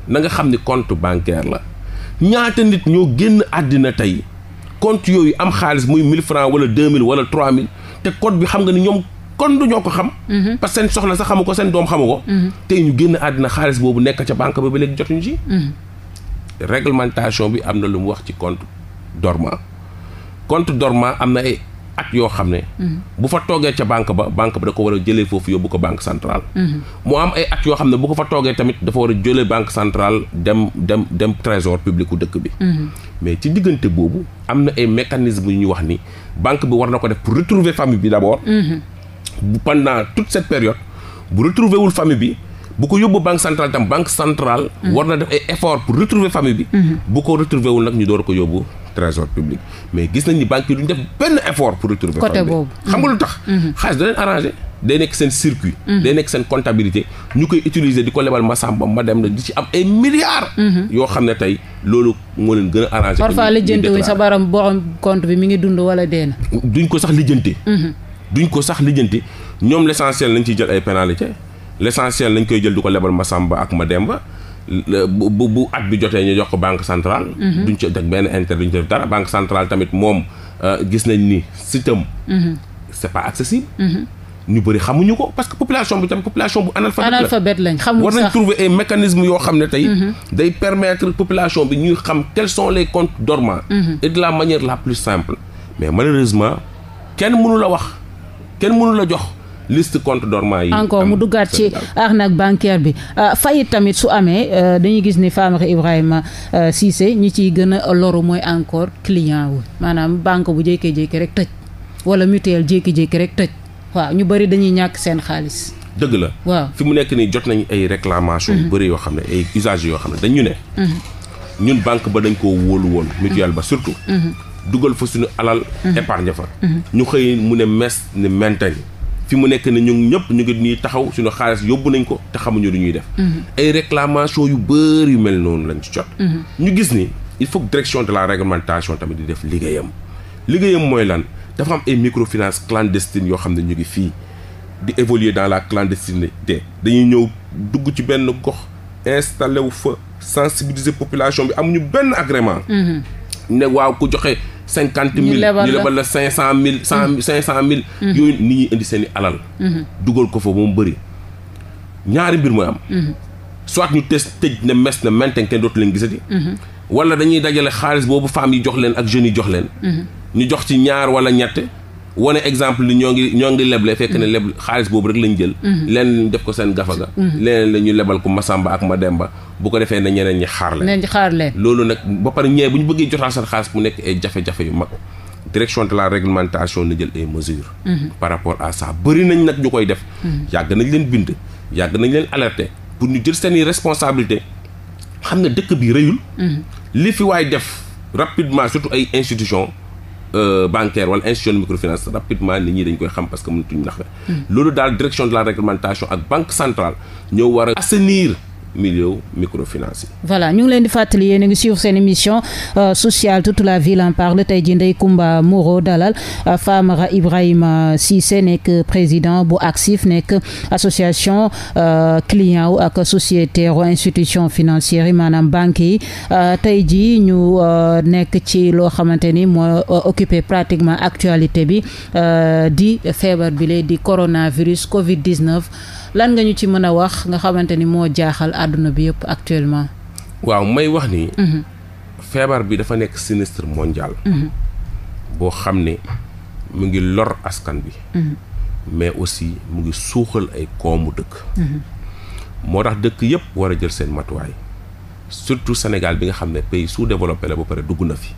na nga xam ni compte banquer la. ñaata nit ñoo génn àddina tey compte yooyu am xaalis muy 1000 francs wala 2000 wala mille te code bi xam nga ni ñoom. kon du ñoo ko xam. Mhm. parce que seen soxna sax xamu ko seen doom xamu ko. Mhm. tey ñu génn àddina xaalis boobu nekk ca banque ba ba léegi jotuñu ci. Mhm. réglementation bi am na lu mu wax ci compte dormant compte dormant am na ay at yoo xam ne. bu fa toogee ca banque ba banque ba da ko war a jëlee foofu yóbbu ko banque centrale. mu am ay at yoo xam ne bu ko fa toogee tamit dafa war a jëlee banque centrale dem dem dem trésor public u dëkk bi. mais ci diggante boobu am na ay mécanismes yu ñu wax ni banque bi war na ko def pour retrouver famille bi d'abord. pendant toute cette période bu retrouver wul famille bi bu ko yóbbu banque centrale tam banque centrale mm-hmm. war na def ay effort pour retrouver famille bi mm-hmm. bu ko retrouver nag ñu door ko yóbbu trésor public mais gis nañ ni banque duñ def benn effort pour retrouver famille bi xam tax mm-hmm. xaalis day nekk seen circuit day nekk seen comptabilité ñu koy utiliser di ko lebal Massamba ma dem na di ci am ay milliards yoo xam ne tey loolu moo leen gën a arrangé parfois mi ngi dund wala dee na duñ ko sax lijjanti ñoom l' essentiel lañ ciy jël ay pénalité l' essentiel lañ koy jël di ko lebal ma Samba ak ma Demba bu bu at bi jotee ñu jox ko banque centrale. Mm-hmm. duñ ci teg benn intérêt duñ dara banque centrale tamit moom euh, gis nañ ni sitam mm-hmm. c' pas accessible. Mm-hmm. ñu bëri xamuñu ko parce que population bi tam population bu analphabète lañ xamuñu sax war nañ trouver yoo xam ne tey day permettre population bi ñuy xam quels sont les comptes dormants et de la manière la plus simple mais malheureusement kenn mënu la kenn mënu la jox liste compte dormant yi. encore mu duggaat ci arnaque bancaire bi euh, faillite tamit su amee euh, dañuy gis ni Famara Ibrahima euh, Cissé ñi ciy gën a loru mooy encore client wu maanaam banque bu jékki-jékki rek tëj wala mutuelle jékki rek tëj waaw ñu bëri dañuy ñàkk seen xaalis. dëgg la waa fi mu nekk nii jot nañu ay réclamations yu mhm. bëri yoo xam ne ay usages yoo xam ne dañu ne. Mhm. ñun banque ba dañ koo wóolu woon. mutuelle ba surtout. Mhm. dugal fa suñu alal. Mhm. épargne fa. Mhm. ñu xëy mu ne mes ne mainten fi mu nekk ne ñu ñëpp ñu ngi nii taxaw suñu xaalis yóbbu nañ ko te xamuñu lu ñuy def. Mhm. ay réclamations yu bëri yu mel noonu lañ ci jot. ñu gis ni il faut que direction de la réglementation tamit di def liggéeyam liggéeyam mooy lan dafa am ay microfinance clandestine yoo xam ne ñu ngi fii di évoluer dans la clandestinité dañuy ñëw dugg ci benn gox installé wu fa sensibiliser population bi amuñu benn agrément. ne waaw cinquante mille ñu lebal la cent mille cent mm-hmm. cinq cent mille mm-hmm. yooyu nit ñi indi seen i alal mm-hmm. dugal ko fa moom bëri ñaari mbir mooy am soit ñu tës tëj ne mes na menten kenn dootu leen gisati wala dañuy dajale xaalis boobu femmes yi jox leen ak jeunes yi jox leen ñu jox ci ñaar wala ñett wane exemple li ñoo ngi ñoo ngi leble fekk ne leb xaalis boobu rek lañu jël mm-hmm. leen ñu def ko seen gafaga mm-hmm. leneen la ñu lebal ko ma Masamba ak ma Mademba bu ko defee ne ñeneen ñi xaar leen loolu nag ba pare ñee bu ñu bëggee jotaa seen xaalis bu nekk ay jafe-jafe yu mag direction de la réglementation na jël ay mesures mm-hmm. par rapport à ça bëri nañ nag ñu koy def yàgg nañ leen bind yàgg nañ leen alerter pour ñu jël seeni responsabilité xam ne dëkk bi rëyul li fi waay def rapidement surtout ay institutions Euh, bancaire wala institution de microfinance rapidement nit ñi dañ koy xam parce que mënatuñ ndax la hmm. loolu daal direction de la réglementation ak banque centrale ñoo war a assainir milieu microfinance voilà ñu ngi leen di fàttali yéen a ngi suivre seen émission euh, sociale toute la ville en parle tey jii Ndeye Comba Moreau dalal euh, faamara Ibrahima Cissé nekk président bu ACSIF nekk association euh, client wu ak sociétaire wu institution financière yi maanaam banque yi tey jii ñu nekk ci loo xamante ni moo occupé pratiquement actualité bi di feebar bi lee di coronavirus Covid 19. lan nga ñu ci mën a wax nga xamante ni moo jaaxal àdduna bi yëpp actuellement. waaw may wax ni. Mhm. feebar bi dafa nekk sinistre mondial. Mhm. boo xam ne mu ngi lor askan bi. Mhm. mais aussi mu ngi suuxal ay koomu dëkk. moo tax dëkk yëpp war a jël seen matuwaay surtout Sénégal bi nga xam ne pays sous-développé la ba pare dugg na fi.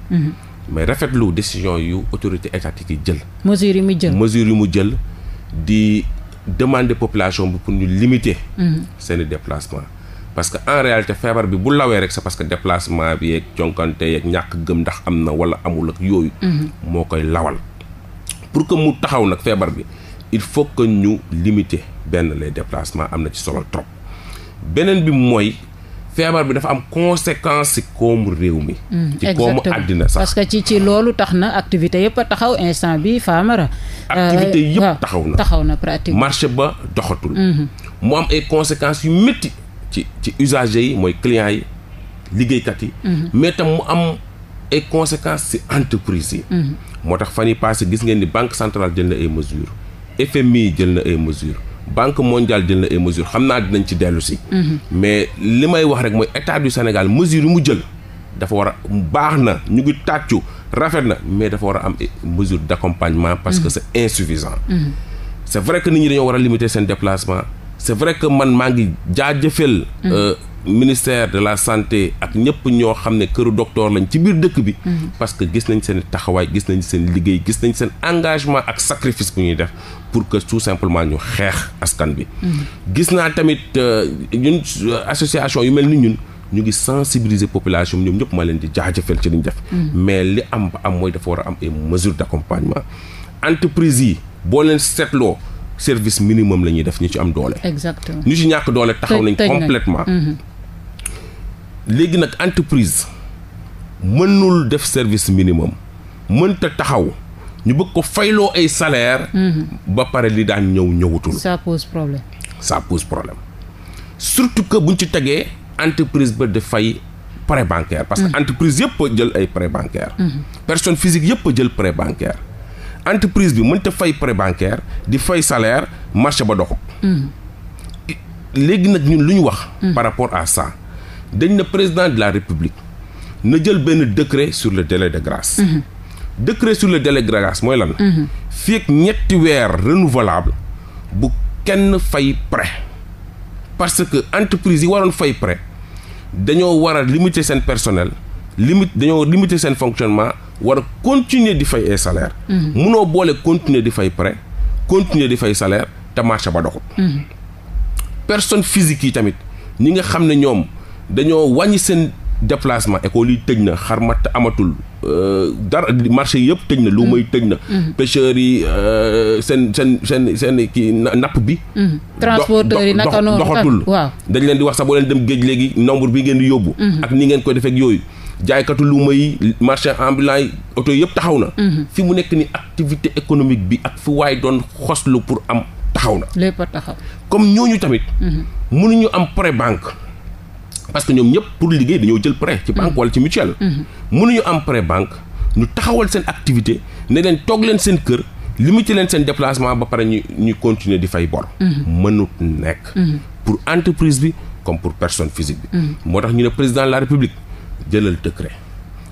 mais rafetlu décision yu autorité étatique yi jël. mesures yi mu yi mu jël di demander population bi pour ñu limiter. Mhm. seen i déplacement parce que en feebar bi bu lawee rek c'est parce que déplacement bi yeeg jonkante yeeg ñàkk gëm ndax am na wala amul ak yooyu. Mhm. moo koy lawal. pour que mu taxaw nag feebar bi il faut que ñu limiter benn les déplacements am na ci solo trop beneen bi mooy feebar bi dafa am conséquence ci koomu réew mi. Hmm, ci koomu àddina sax parce que ci ci loolu tax na activité yëpp a taxaw instant bi Famara. activité euh, yëpp taxaw na taxaw na pratiquement. marché ba doxatul. Hmm. mu am ay conséquences yu métti ci ci usagers yi mooy clients yi liggéeykat yi. Hmm. mais mu am ay conséquence ci entreprise yi. moo tax fan yii passé gis ngeen ni banque centrale jël na ay mesures FMI jël na ay mesures. banque mondiale jël na ay mesures xam naa dinañ ci dellu si. Mhm. mais li may wax rek mooy état du Sénégal mesures yu mu jël dafa war a baax na ñu ngi tàccu rafet na mais dafa war a am mesure d' parce que mhm. c' est insuffisant. Mhm. c' est nit ñi dañoo war a limiter seen déplacement. c'est vrai que man maa ngi jaajëfal. Mm-hmm. Euh, ministère de la santé ak ñëpp ñoo xam ne këru docteur lañ ci biir dëkk bi. Mm-hmm. parce que gis nañ seen taxawaay gis nañ seen liggéey gis nañ seen engagement ak sacrifice bu ñuy def pour que tout simplement ñu xeex askan bi. Mm-hmm. gis naa tamit euh, ñun euh, association yu mel ni ñun. ñu ngi sensibiliser population ñoom ñëpp ma leen di jaajëfal ci li ñu def. mais li am ba am mooy dafa war a am ay mesures d'accompagnement entreprise yi boo leen seetloo. service minimum la ñuy def ñu ci am doole. exactement ñu ci ñàkk doole taxaw nañ complètement mhm. léegi nag entreprise mënul def service minimum mënta taxaw ñu bëgg ko fayloo ay salaire mhm. ba pare li daan ñëw ñëwutul. ça pose problème. problème surtout que buñ ci tegee entreprise ba di fay prêt bancaire. parce que mhm. entreprise yëpp a jël ay prêt bancaire. personne physique yëpp a jël prêt bancaire. entreprise bi mënta fay prêt bancaire di fay salaire marché ba doxul. Hmm. léegi nag ñun lu ñu wax. Hmm. par rapport à ça dañ na président de la république na jël benn décret sur le délai de grâce. Hmm. décret sur le délai de grâce mooy lan. fii ak ñetti weer renouvelable bu kenn fay prêt parce que entreprise yi waroon fay prêt dañoo war a limiter seen personnel limite dañoo limiter seen fonctionnement. war a di fay ay salaire mm-hmm. munoo boole continuer di fay prêt continuer di fay salaire te marché ba doxut mm-hmm. personne physique yi tamit ñi nga xam ne ñoom dañoo wàññi seen déplacement école yi tëj na xarmat amatul euh, dara marché yëpp tëj na lu may mm-hmm. tëj na pêcheurs yi euh, seen seen seen seen kii napp bi transporteurs yi naka noonu doxatul waaw dañ leen di wax sax boo leen dem géej léegi nombre bi ngeen di yóbbu ak ni ngeen koy defek yooyu jaaykatu lu yi marché en yi oto yëpp taxaw na. Mhm. fi mu nekk ni activité économique bi ak fi waaye doon xoslu pour am taxaw na. lépp taxaw comme ñooñu tamit. Mhm. ñu am prêt banque. parce que ñoom ñëpp pour liggéey dañoo jël prêt. ci banque mhm. wala ci mutuelle. ñu am prêt banque ñu taxawal seen activité ne leen toog leen seen kër. limiter leen seen déplacement ba pare ñu ñu continuer di fay bor. mënut nekk. pour entreprise bi comme pour personne physique bi. moo tax ñu ne président la république. jëlal décret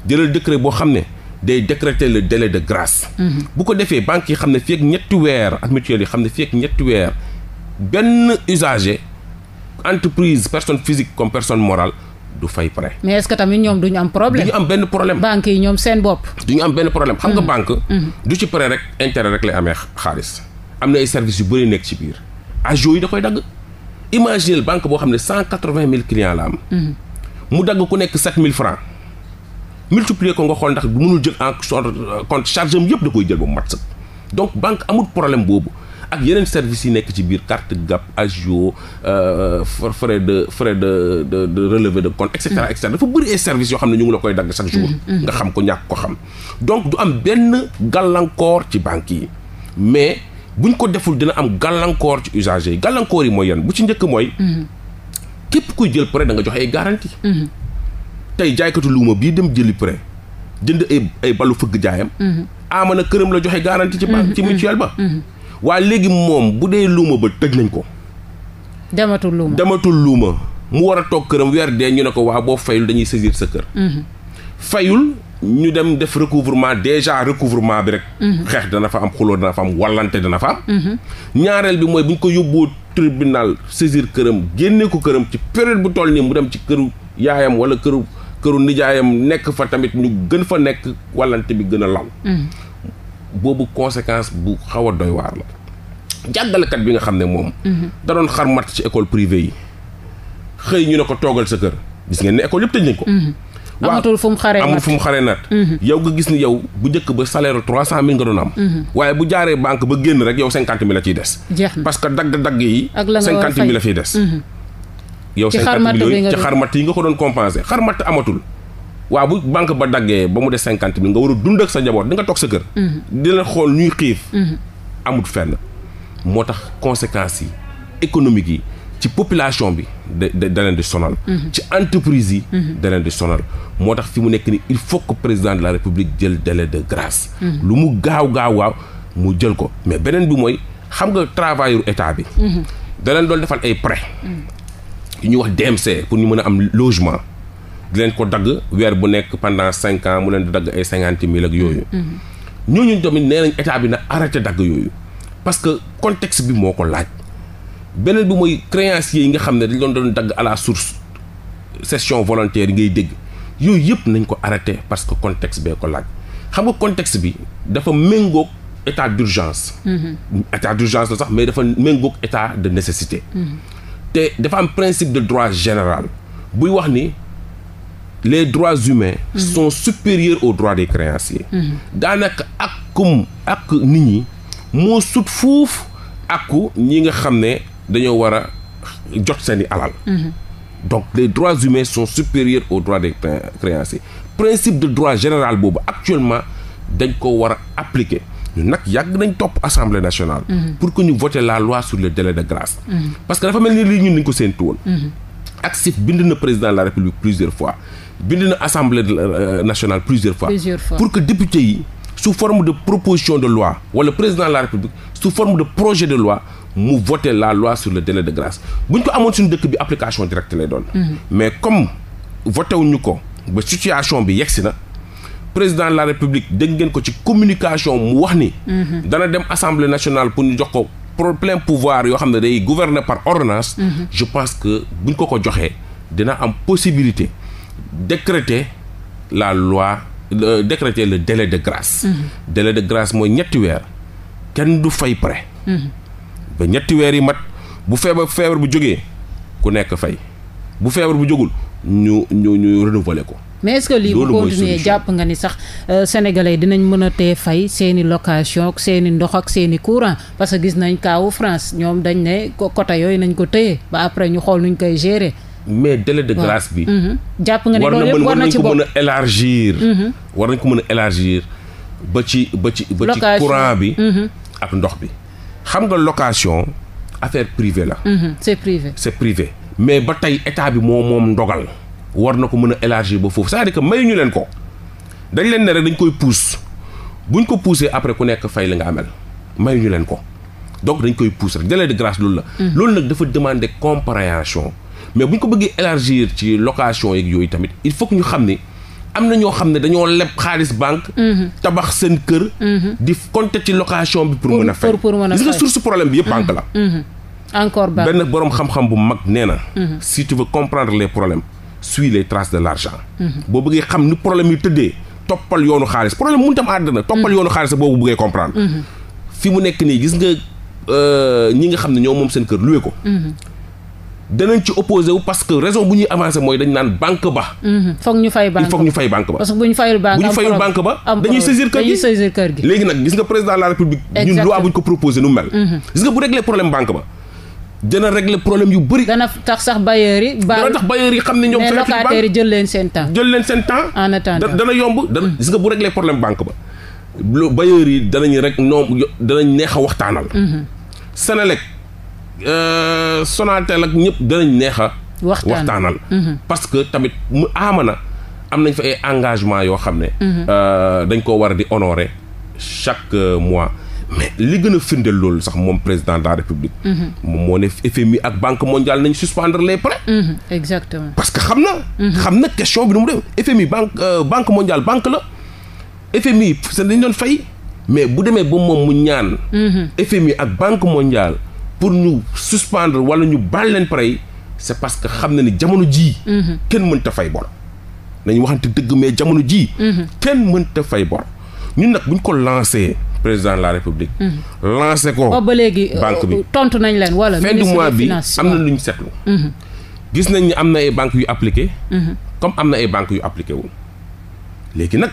jëlal décret boo xam ne day décréter le délai de grâce. bu ko defee banques yi xam ne fii ak ñetti weer ak mutuelle yi xam ne fii ak ñetti weer benn usager entreprise personne physique comme personne morale du fay prêt. mais est-ce que tamit ñoom duñu am problème. du am benn problème banque yi ñoom seen bopp. du am benn problème xam nga mm-hmm. banque. Mm-hmm. du ci prêt rek intere rek lay amee xaalis. am na ay services yu bëri nekk ci biir agio yi da koy dagg. imaginez banque boo xam ne cent quatre-vingt mille clients la am. Mm-hmm. mu dagg ku nekk 7000 francs multiplier ko nga xool ndax mënul jël en compte euh, charge am yëpp da koy jël ba mu mat sax donc banque amut problème boobu ak yeneen services yi nekk ci biir carte GAB agio euh, frais de frais de de de relevé de compte et cetera mm. et dafa bëri ay service yoo xam ne ñu ngi la koy dagg chaque jour. Mm, mm. nga xam ko ñàkk ko xam. donc du am benn gàllankoor ci banque yi mais buñ ko deful dina am gàllankoor ci usagers yi gàllankoor yi mooy yan bu ci njëkk mooy. képp kuy jël prêt da nga jox ay garantie mhm. tey jaaykatu luuma bii dem jëli prêt jënd ay ay balu fëgg jaayam mhm. amana këram la joxe garantie ci banque mhm. ci mutuelle ba waa léegi moom bu dee luuma ba tëj nañ ko dematul luuma dematul luuma mu war toog këram weer dee ñu ne ko waa boo fayul dañuy saisir sa kër fayul ñu dem def recouvrement déjà recouvrement bi rek xeex dana fa am xuloo dana fa am wallante dana fa am ñaareel bi mooy bu ñu ko yóbboo tribunal saisir këram génne ko këram ci période bu toll nii mu dem ci këru yaayam wala këru këru nijaayam nekk fa tamit ñu gën fa nekk wallante bi gën a law mm. boobu conséquence bu xaw a doy waar la jàngalekat bi nga xam ne moom mm-hmm. da doon xar mat ci école privée yi xëy ñu ne ko toogal sa kër gis ngeen ne yëpp tëj ko mm-hmm. amatul fu mu xaree amul fu mu xaree nat mhm. yow nga gis ni yow bu njëkk ba salaire trois cent mille nga doon am mhm. waaye bu jaaree banque ba génn rek yow cinquante mille la ciy des parce que dagg-dagg yi cinquante mille la fiy des mhm. yow cinquante mille yooyu ci xarmat yi nga ko doon compenser xarmat amatul waaw bu banque ba daggee ba mu des cinquante mille nga war a dund ak sa njaboot di nga toog sa kër di leen xool ñuy xiif amut fenn moo tax conséquences yi économique yi ci population bi da da leen di sonal. Mhm. ci entreprise yi. Mhm. da di sonal moo tax fi mu nekk ni il faut ko président de la république jël délai de grâce. Mhm. lu mu gaaw gaaw waaw mu jël ko mais beneen bi mooy xam nga travailleur état bi. da leen defal ay prêts. yu ñuy wax DMC pour ñu mën a am logement. di leen ko dagg weer bu nekk pendant cinquant mu leen di dagg ay cinquante mille ak yooyu. ñooñu tamit nee nañ état bi na arrêté dagg yooyu. parce que contexte bi moo ko laaj. beneen bi mooy créanciers yi nga xam ne dañ doon doon dagg à la source session volontaire yi ngay dégg yooyu yëpp nañ ko arrêté parce que contex bee ko laaj xam nga contex bi dafa méngoog état d'urgence mm-hmm. état d'urgence la sax mais dafa méngoog état de nécessité mm-hmm. te dafa am principe de droit général buy wax ni les droits humains mmh. sont supérieurs aux droits des mm-hmm. daanaka akkum ak nit ñi moo sut fuuf akku ñi nga xam ne dañoo war a jot seeni alal. Mhm. donc les droits humains sont supérieurs aux droits des créanciers principe de droit général boobu actuellement dañ ko war a appliquer ñun yàgg nañ topp assemblée nationale. Mhm. pour que ñu voter la loi sur le délai de grâce. Mhm. parce que dafa mel ni lii ñun dañ ko séntu woon. actif bind na président de la république plusieurs fois bind na assemblée euh, nationale plusieurs fois. plusieurs fois pour yi sous forme de proposition de loi wala président mu voté la loi sur le délai de grâce bu ñu ko amoon suñu dëkk bi application directe lay doon. Mhm. mais comme voté wuñu ko ba situation bi yegsi na président la république dégg ngeen ko ci communication mu wax ni. Mhm. dana dem assemblée nationale pour ñu jox ko plein pouvoir yoo xam ne day gouverner par ordonnance. Mhm. je pense que bu ñu ko ko joxee dina am possibilité décréter la loi. Le, décréter le délai de grâce. Mmh. délai de grâce mooy ñetti weer kenn du fay prêt. ba ñetti weer yi mat bu feebar feebar bu jógee ku nekk fay bu feebar bu jógul ñu ñu ñu renouveler ko. mais est-ce que lii bu jàpp nga ni sax euh, sénégalais dinañ mën a tee fay seeni location ak seeni ndox ak seeni courant parce que gis nañ kaawu France ñoom dañ ne côté yooyu nañ ko téye ba après ñu xool nuñ koy gérer. mais délai de bi. Mhm. jàpp nga ni loolu yëpp war nañ ko mën a élargir. Mhm. war nañ ko mën a élargir ba ci ba ci. ba ci courant bi. Mhm. ak ndox bi. xam nga location affaire privée la. Mhm, c'est privé. c'est mais ba tey état bi moo moom ndogal. war na ko mën a élargir ba foofu c'est-à-dire que may ñu leen ko dañ leen ne dañ koy pousse buñ ko poussé après ku nekk fay la nga amel may ñu leen ko donc dañ koy pousse rek délai de grâce loolu la. Mhm. loolu nag dafa demander compréhension mais buñ ko bëggee élargir ci location yeeg yooyu tamit il faut que ñu xam ni. am na ñoo xam ne dañoo leb xaalis banque. Mhm. tabax seen kër. Mhm. di konte ci location bi pour mu a fay. pour mën a fay gis nga source problème bi yëpp mhm. banque la. encore banque benn borom xam-xam bu mag nee na. si tu veux comprendre les problème suis les traces de l'argent. boo bëggee xam ni problème yu tëddee toppal yoonu xaalis problème mënut am àddina toppal yoonu xaalis boobu buggee comprendre. fi mu nekk nii gis nga euh, ñi nga xam ne ñoo moom seen kër loué ko. danañ ci opposé wu parce que raison bu ñuy avancé mooy dañ naan banque ba. Mhm. foog ñu fay banque ba foog gi dañuy saisir kër ko proposé nu mel. Mhm. gis nga bu yu bëri. dana sax bailleurs yi. dana tax bailleurs yi xam ne ñoom. mais locataires yi leen seen temps. jël leen seen temps. en attendant dana yomb dana mhm. gis nga bu réglé problème banque danañ rek ñoom danañ neex a waxtaanal. Senelec Euh, Sonatel ak ñëpp danañ neex a. waxtaanal mhm. parce que tamit mu amana am nañ fa ay engagement yoo xam ne. Mhm. Euh, dañ koo war a di honorer chaque euh, mois. mais li gën a firndeel loolu sax moom président de la république. Mhm. moom moo ne FMI ak nañ suspendre les prêts. exactement parce que xam na. xam na question bi nu mu dem FMI banque banque mondiale banque la FMI seen dañ doon fay mais bu demee ba moom mu ñaan. FMI ak banque mondiale. pour ñu suspendre wala ñu baal leen pare yi c' est parce que xam ne ni jamono jii. Mhm. kenn mënta fay bor. nañu waxante dëgg mais jamono jii. Mhm. kenn mënta fay bor ñun nag buñ ko lancé président la république. Mhm. lancé ko. Oh, ba léegi euh, banque bi tontu nañ leen wala. fin du mois bi am na lu ñu seetlu. gis nañ ni am na ay banques yu appliqué. comme am na ay banques yu appliqué wul léegi nag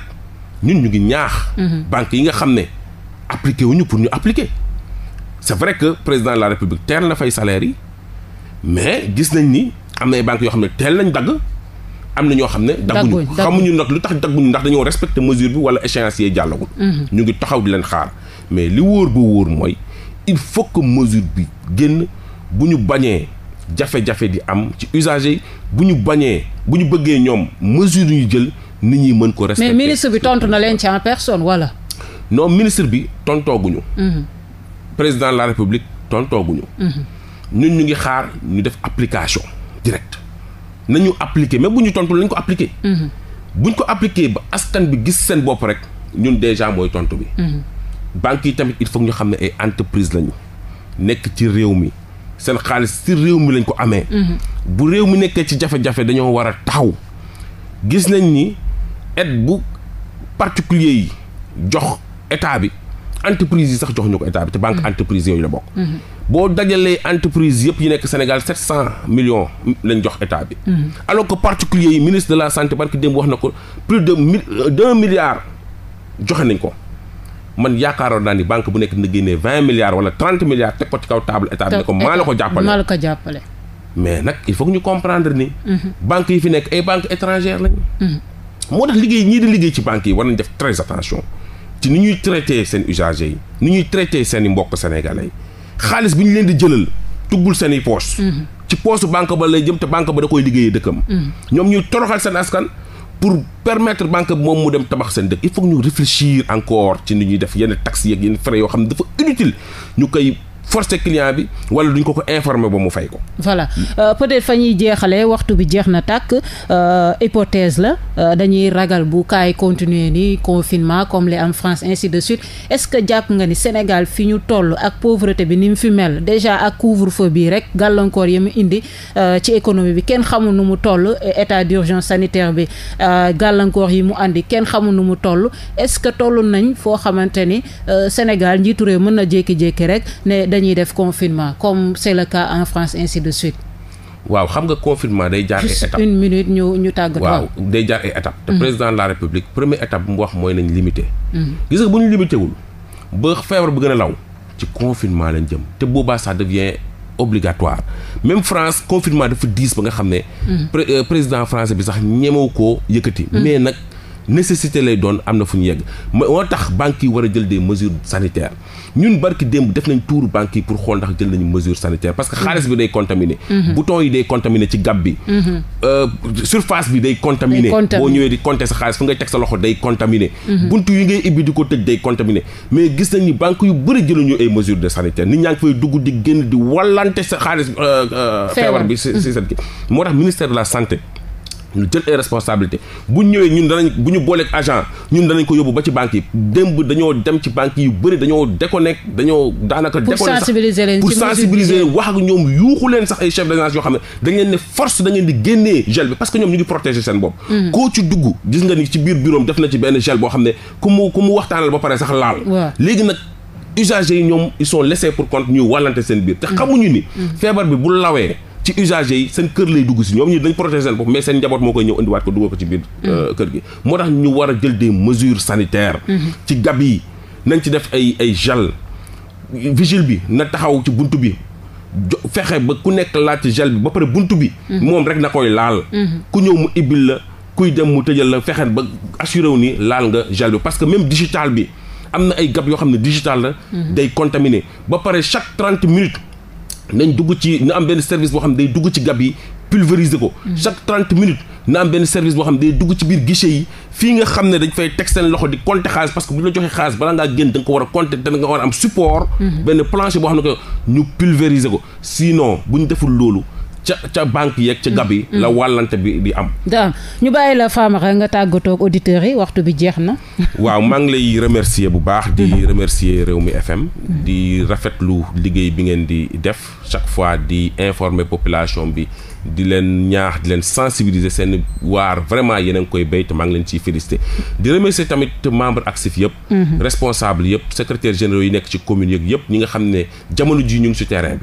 ñun ñu ngi ñaax. banques yi nga xam ne appliqué wuñu pour ñu appliqué. c'est vrai que président la république teel na fay salaire yi mais gis nañ ni am na ay banques yoo xam ne teel nañ dagg am na ñoo xam ne dagguñu xamuñu nag lu tax dagguñu ndax dañoo respecté mesure bi wala échéancier jàllagul mhm. ñu ngi taxaw di leen xaar mais li wóor ba wóor mooy il faut que mesure bi génn bu ñu bañee jafe-jafe di am ci usage bu ñu bañee bu ñu bëggee ñoom mesure yu ñu jël nit ñi mën ko respecté mais ministre bi tontu na leen ci en personne wala non ministre bi tontooguñu mhm. président la république tontooguñu mm-hmm. ñun ñu ngi xaar ñu def application directe nañu appliquer même bu ñu tontu nañ ko appliquer mm-hmm. buñ ko appliquer ba askan bi gis seen bopp rek ñun déjà mooy tontu bi mm-hmm. banque yi tamit il faut ñu xam ne ay entreprise lañu nekk ci réew mi seen xaalis ci réew mi lañ ko amee bu réew mi nekkee ci jafe-jafe dañoo war a taxaw gis nañ ni aide bu particulier yi jox état bi entreprise yi sax jox ñu ko état bi te banque mm-hmm. entreprise yooyu la bokk. Mm-hmm. boo dajalee entreprise yëpp yi nekk Sénégal 700 millions lañ jox état bi. Mm-hmm. alors que particulier yi ministre de la santé barki démb wax na ko plus de mille euh, d'un milliard joxe nañ ko. man yaakaaroon naa ni banque bu nekk dina génnee vingt milliards wala trente milliards teg ko ci kaw table état bi ne ko maa la ko jàppale maa mais nag il faut ñu comprendre ni banque yi fi nekk ay banque étrangères lañu moo tax liggéey ñii liggéey ci banques yi war nañ ci ni ñuy traité seen usagers yi ni ñuy traité seen mbokk sénégalais yi xaalis bi ñu leen di jëlal tuggul seen i poche mm-hmm. ci poche banque ba lay jëm te banque ba da koy liggéeyee dëkkam mm-hmm. ñoom ñuy toroxal seen askan pour permettre banque bi moom mu dem tabax seen dëkk il faut que ñu réfléchir encore ci ni ñuy def yenn taxes yeeg yenn frais yoo xam ne dafa inutile ñu koy forcer client bi wala duñ ko ko informer ba mu fay ko. voilà euh, peut-être fa ñuy jeexalee waxtu bi jeex na tàkk euh, hypothèse la euh, dañuy ragal bu kaay continuer ni confinement comme li am France ainsi de suite est-ce que jàpp nga ni Sénégal fi ñu toll ak pauvreté bi ni mu fi mel déjà ak couvre-feu bi rek gàllankoor yi mu indi euh, ci économie bi kenn xamul nu mu toll état d'urgence sanitaire bi gàllankoor yi mu andi kenn xamul nu mu toll est-ce que toll nañ foo xamante ni Sénégal njiitu réew mën na jékki-jékki rek ne. dañuy def confinement comme c'est le cas en France ainsi de suite. waaw xam nga confinement day jaar ay étape une minute ñu ñu tàggatoo waaw day jaar te mm-hmm. président la république première étape bu mu wax mooy nañ limité. Mm-hmm. gis nga bu ñu limité ba feebar bi gën a law ci confinement lañ jëm te boobaa ça devient obligatoire même France confinement dafa diis ba nga xam ne. Mm-hmm. Euh, président français bi sax ñemewu koo yëkkati. mais nag. nécessité lay doon am na fu ñu yegg moo tax banques yi war a jël des mesures sanitaires ñun barki démb def nañ tuuru banques yi pour xool ndax jël nañu mesures sanitaires parce que xaalis bi day contaminé mhm. bouton yi bi mhm. euh, surface bi day contaminé boo di compter sa xaalis fu ngay teg sa loxo day contaminé mhm. buntu yi ngay ibbi di ko tëj day contaminé mais gis nañ banque banques yu bëri jëluñu ay mesures de sanitaire nit ñaa ngi fay dugg di génn di wallante sa xaalis euh, euh, feebar bi si si moo tax ministère de la santé ñu jël ay responsabilité bu ñëwee ñun danañ bu ñu booleeg agent ñun danañ ko yóbbu ba ci banque yi démb dañoo dem ci banque yu bëri dañoo déconnecté dañoo daanaka déconnecté sensibiliser leen pour sensibiliser leen wax ak ñoom yuuxu leen sax ay chef d'agence yoo xam ne dañ leen ne force da di génnee gel bi parce que ñoom ñu ngi protéger seen bopp mm. koo ci dugg gis nga ni ci biir bureau def na ci benn gel boo xam ne ku mu ku mu waxtaanal ba pare sax laal léegi nag usagers yi ñoom ils sont pour compte ñuy wallante seen biir te mm. xamuñu ni mm. bu lawee ci usagers yi seen kër lay dugg si ñoom ñi dañ protéger seen bopp mais seen njaboot moo koy ñëw indiwaat ko dugal ko ci biir euh, mm. kër gi moo tax ñu war a jël des mesures sanitaires mm-hmm. ci gab yi nañ ci def ay ay gel vigile bi na taxaw ci bunt bi fexe ba ku nekk laaj gel bi ba pare bunt bi mm-hmm. moom rek na koy laal mm-hmm. ku ñëw mu ibbil la kuy dem mu tëjal la fexe ba assuré wu ni laal nga gel bi parce que même digital bi am na ay gab yoo xam ne digital la day contaminé ba pare chaque trente minutes nañ dugg ci na am benn service boo xam ne day dugg ci gab yi pulvériser ko. Mhm. chaque trente minutes na am benn service boo xam ne day dugg ci biir guichet yi fii nga xam ne dañ fay teg seen loxo di compter xaalis parce bu ñu la joxee xaalis balaa ngaa génn da ko war a compter te da nga war a am support. Mhm. benn plancher boo xam ne ko ñu pulvériser ko sinon bu ñu deful loolu. ca ca banque yeeg ca gab yi mm. la wàllante bi di am da ñu bàyyi la Famara nga tàggatoo auditeurs yi waxtu bi jeex na waaw maa ngi lay remercier bu baax di mm-hmm. remercier mi FM mm-hmm. di rafetlu liggéey bi ngeen di def chaque fois di informer population bi di leen ñaax di leen sensibiliser seen waar vraiment yéen a ngi koy béy te maa ngi leen ciy félicité di remercier tamit membre actif yëpp mm-hmm. responsable yëpp secrétaire généraux yi nekk ci commune yëpp ñi nga xam ne jamono ji ñu ngi ci terrain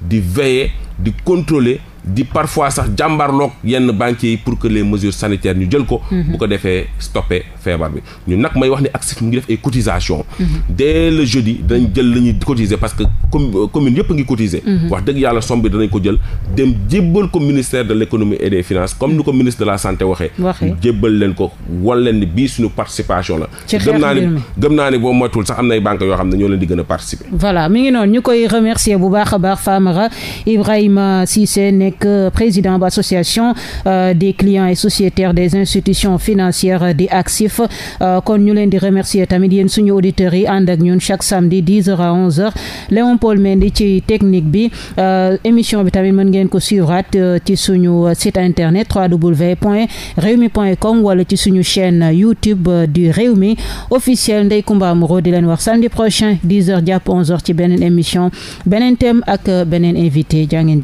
di veiller di contrôler di parfois sax jàmbarloog yenn banquiers yi pour que les mesures sanitaires ñu jël ko. Mhm. bu ko defee stoppé feebar bi. ñun nag may wax ne ACSIF mu ngi def ay cotisations. Mhm. dès le jeudi dañ jël la ñuy parce que euh, commune commune a ngi cotiser. Mhm. wax dëgg yàlla somme bi danañ ko jël dem jébbal ko ministère de l' et des finances comme ni ko ministre de la santé waxee. waxee jébbal leen ko wal leen ni suñu participation la. gëm naa ni gëm naa ni sax am nay banques a a baax avec euh, président d'association euh, des clients et sociétaires des institutions financières di actif euh, kon ñu leen di remercier tamit yéen suñu auditeurs yi ànd ak ñun chaque samedi 10 heures à 11 heures Léon Paul Mendy ci technique bi euh, émission bi tamit mën ngeen ko suivrat euh, ci suñu site internet www.rewmi.com wala ci suñu chaîne YouTube du Rewmi officiel Ndeye Comba Moreau di leen wax samedi prochain 10 heures jàpp 11 heures ci beneen émission beneen thème ak beneen invité jaa ngeen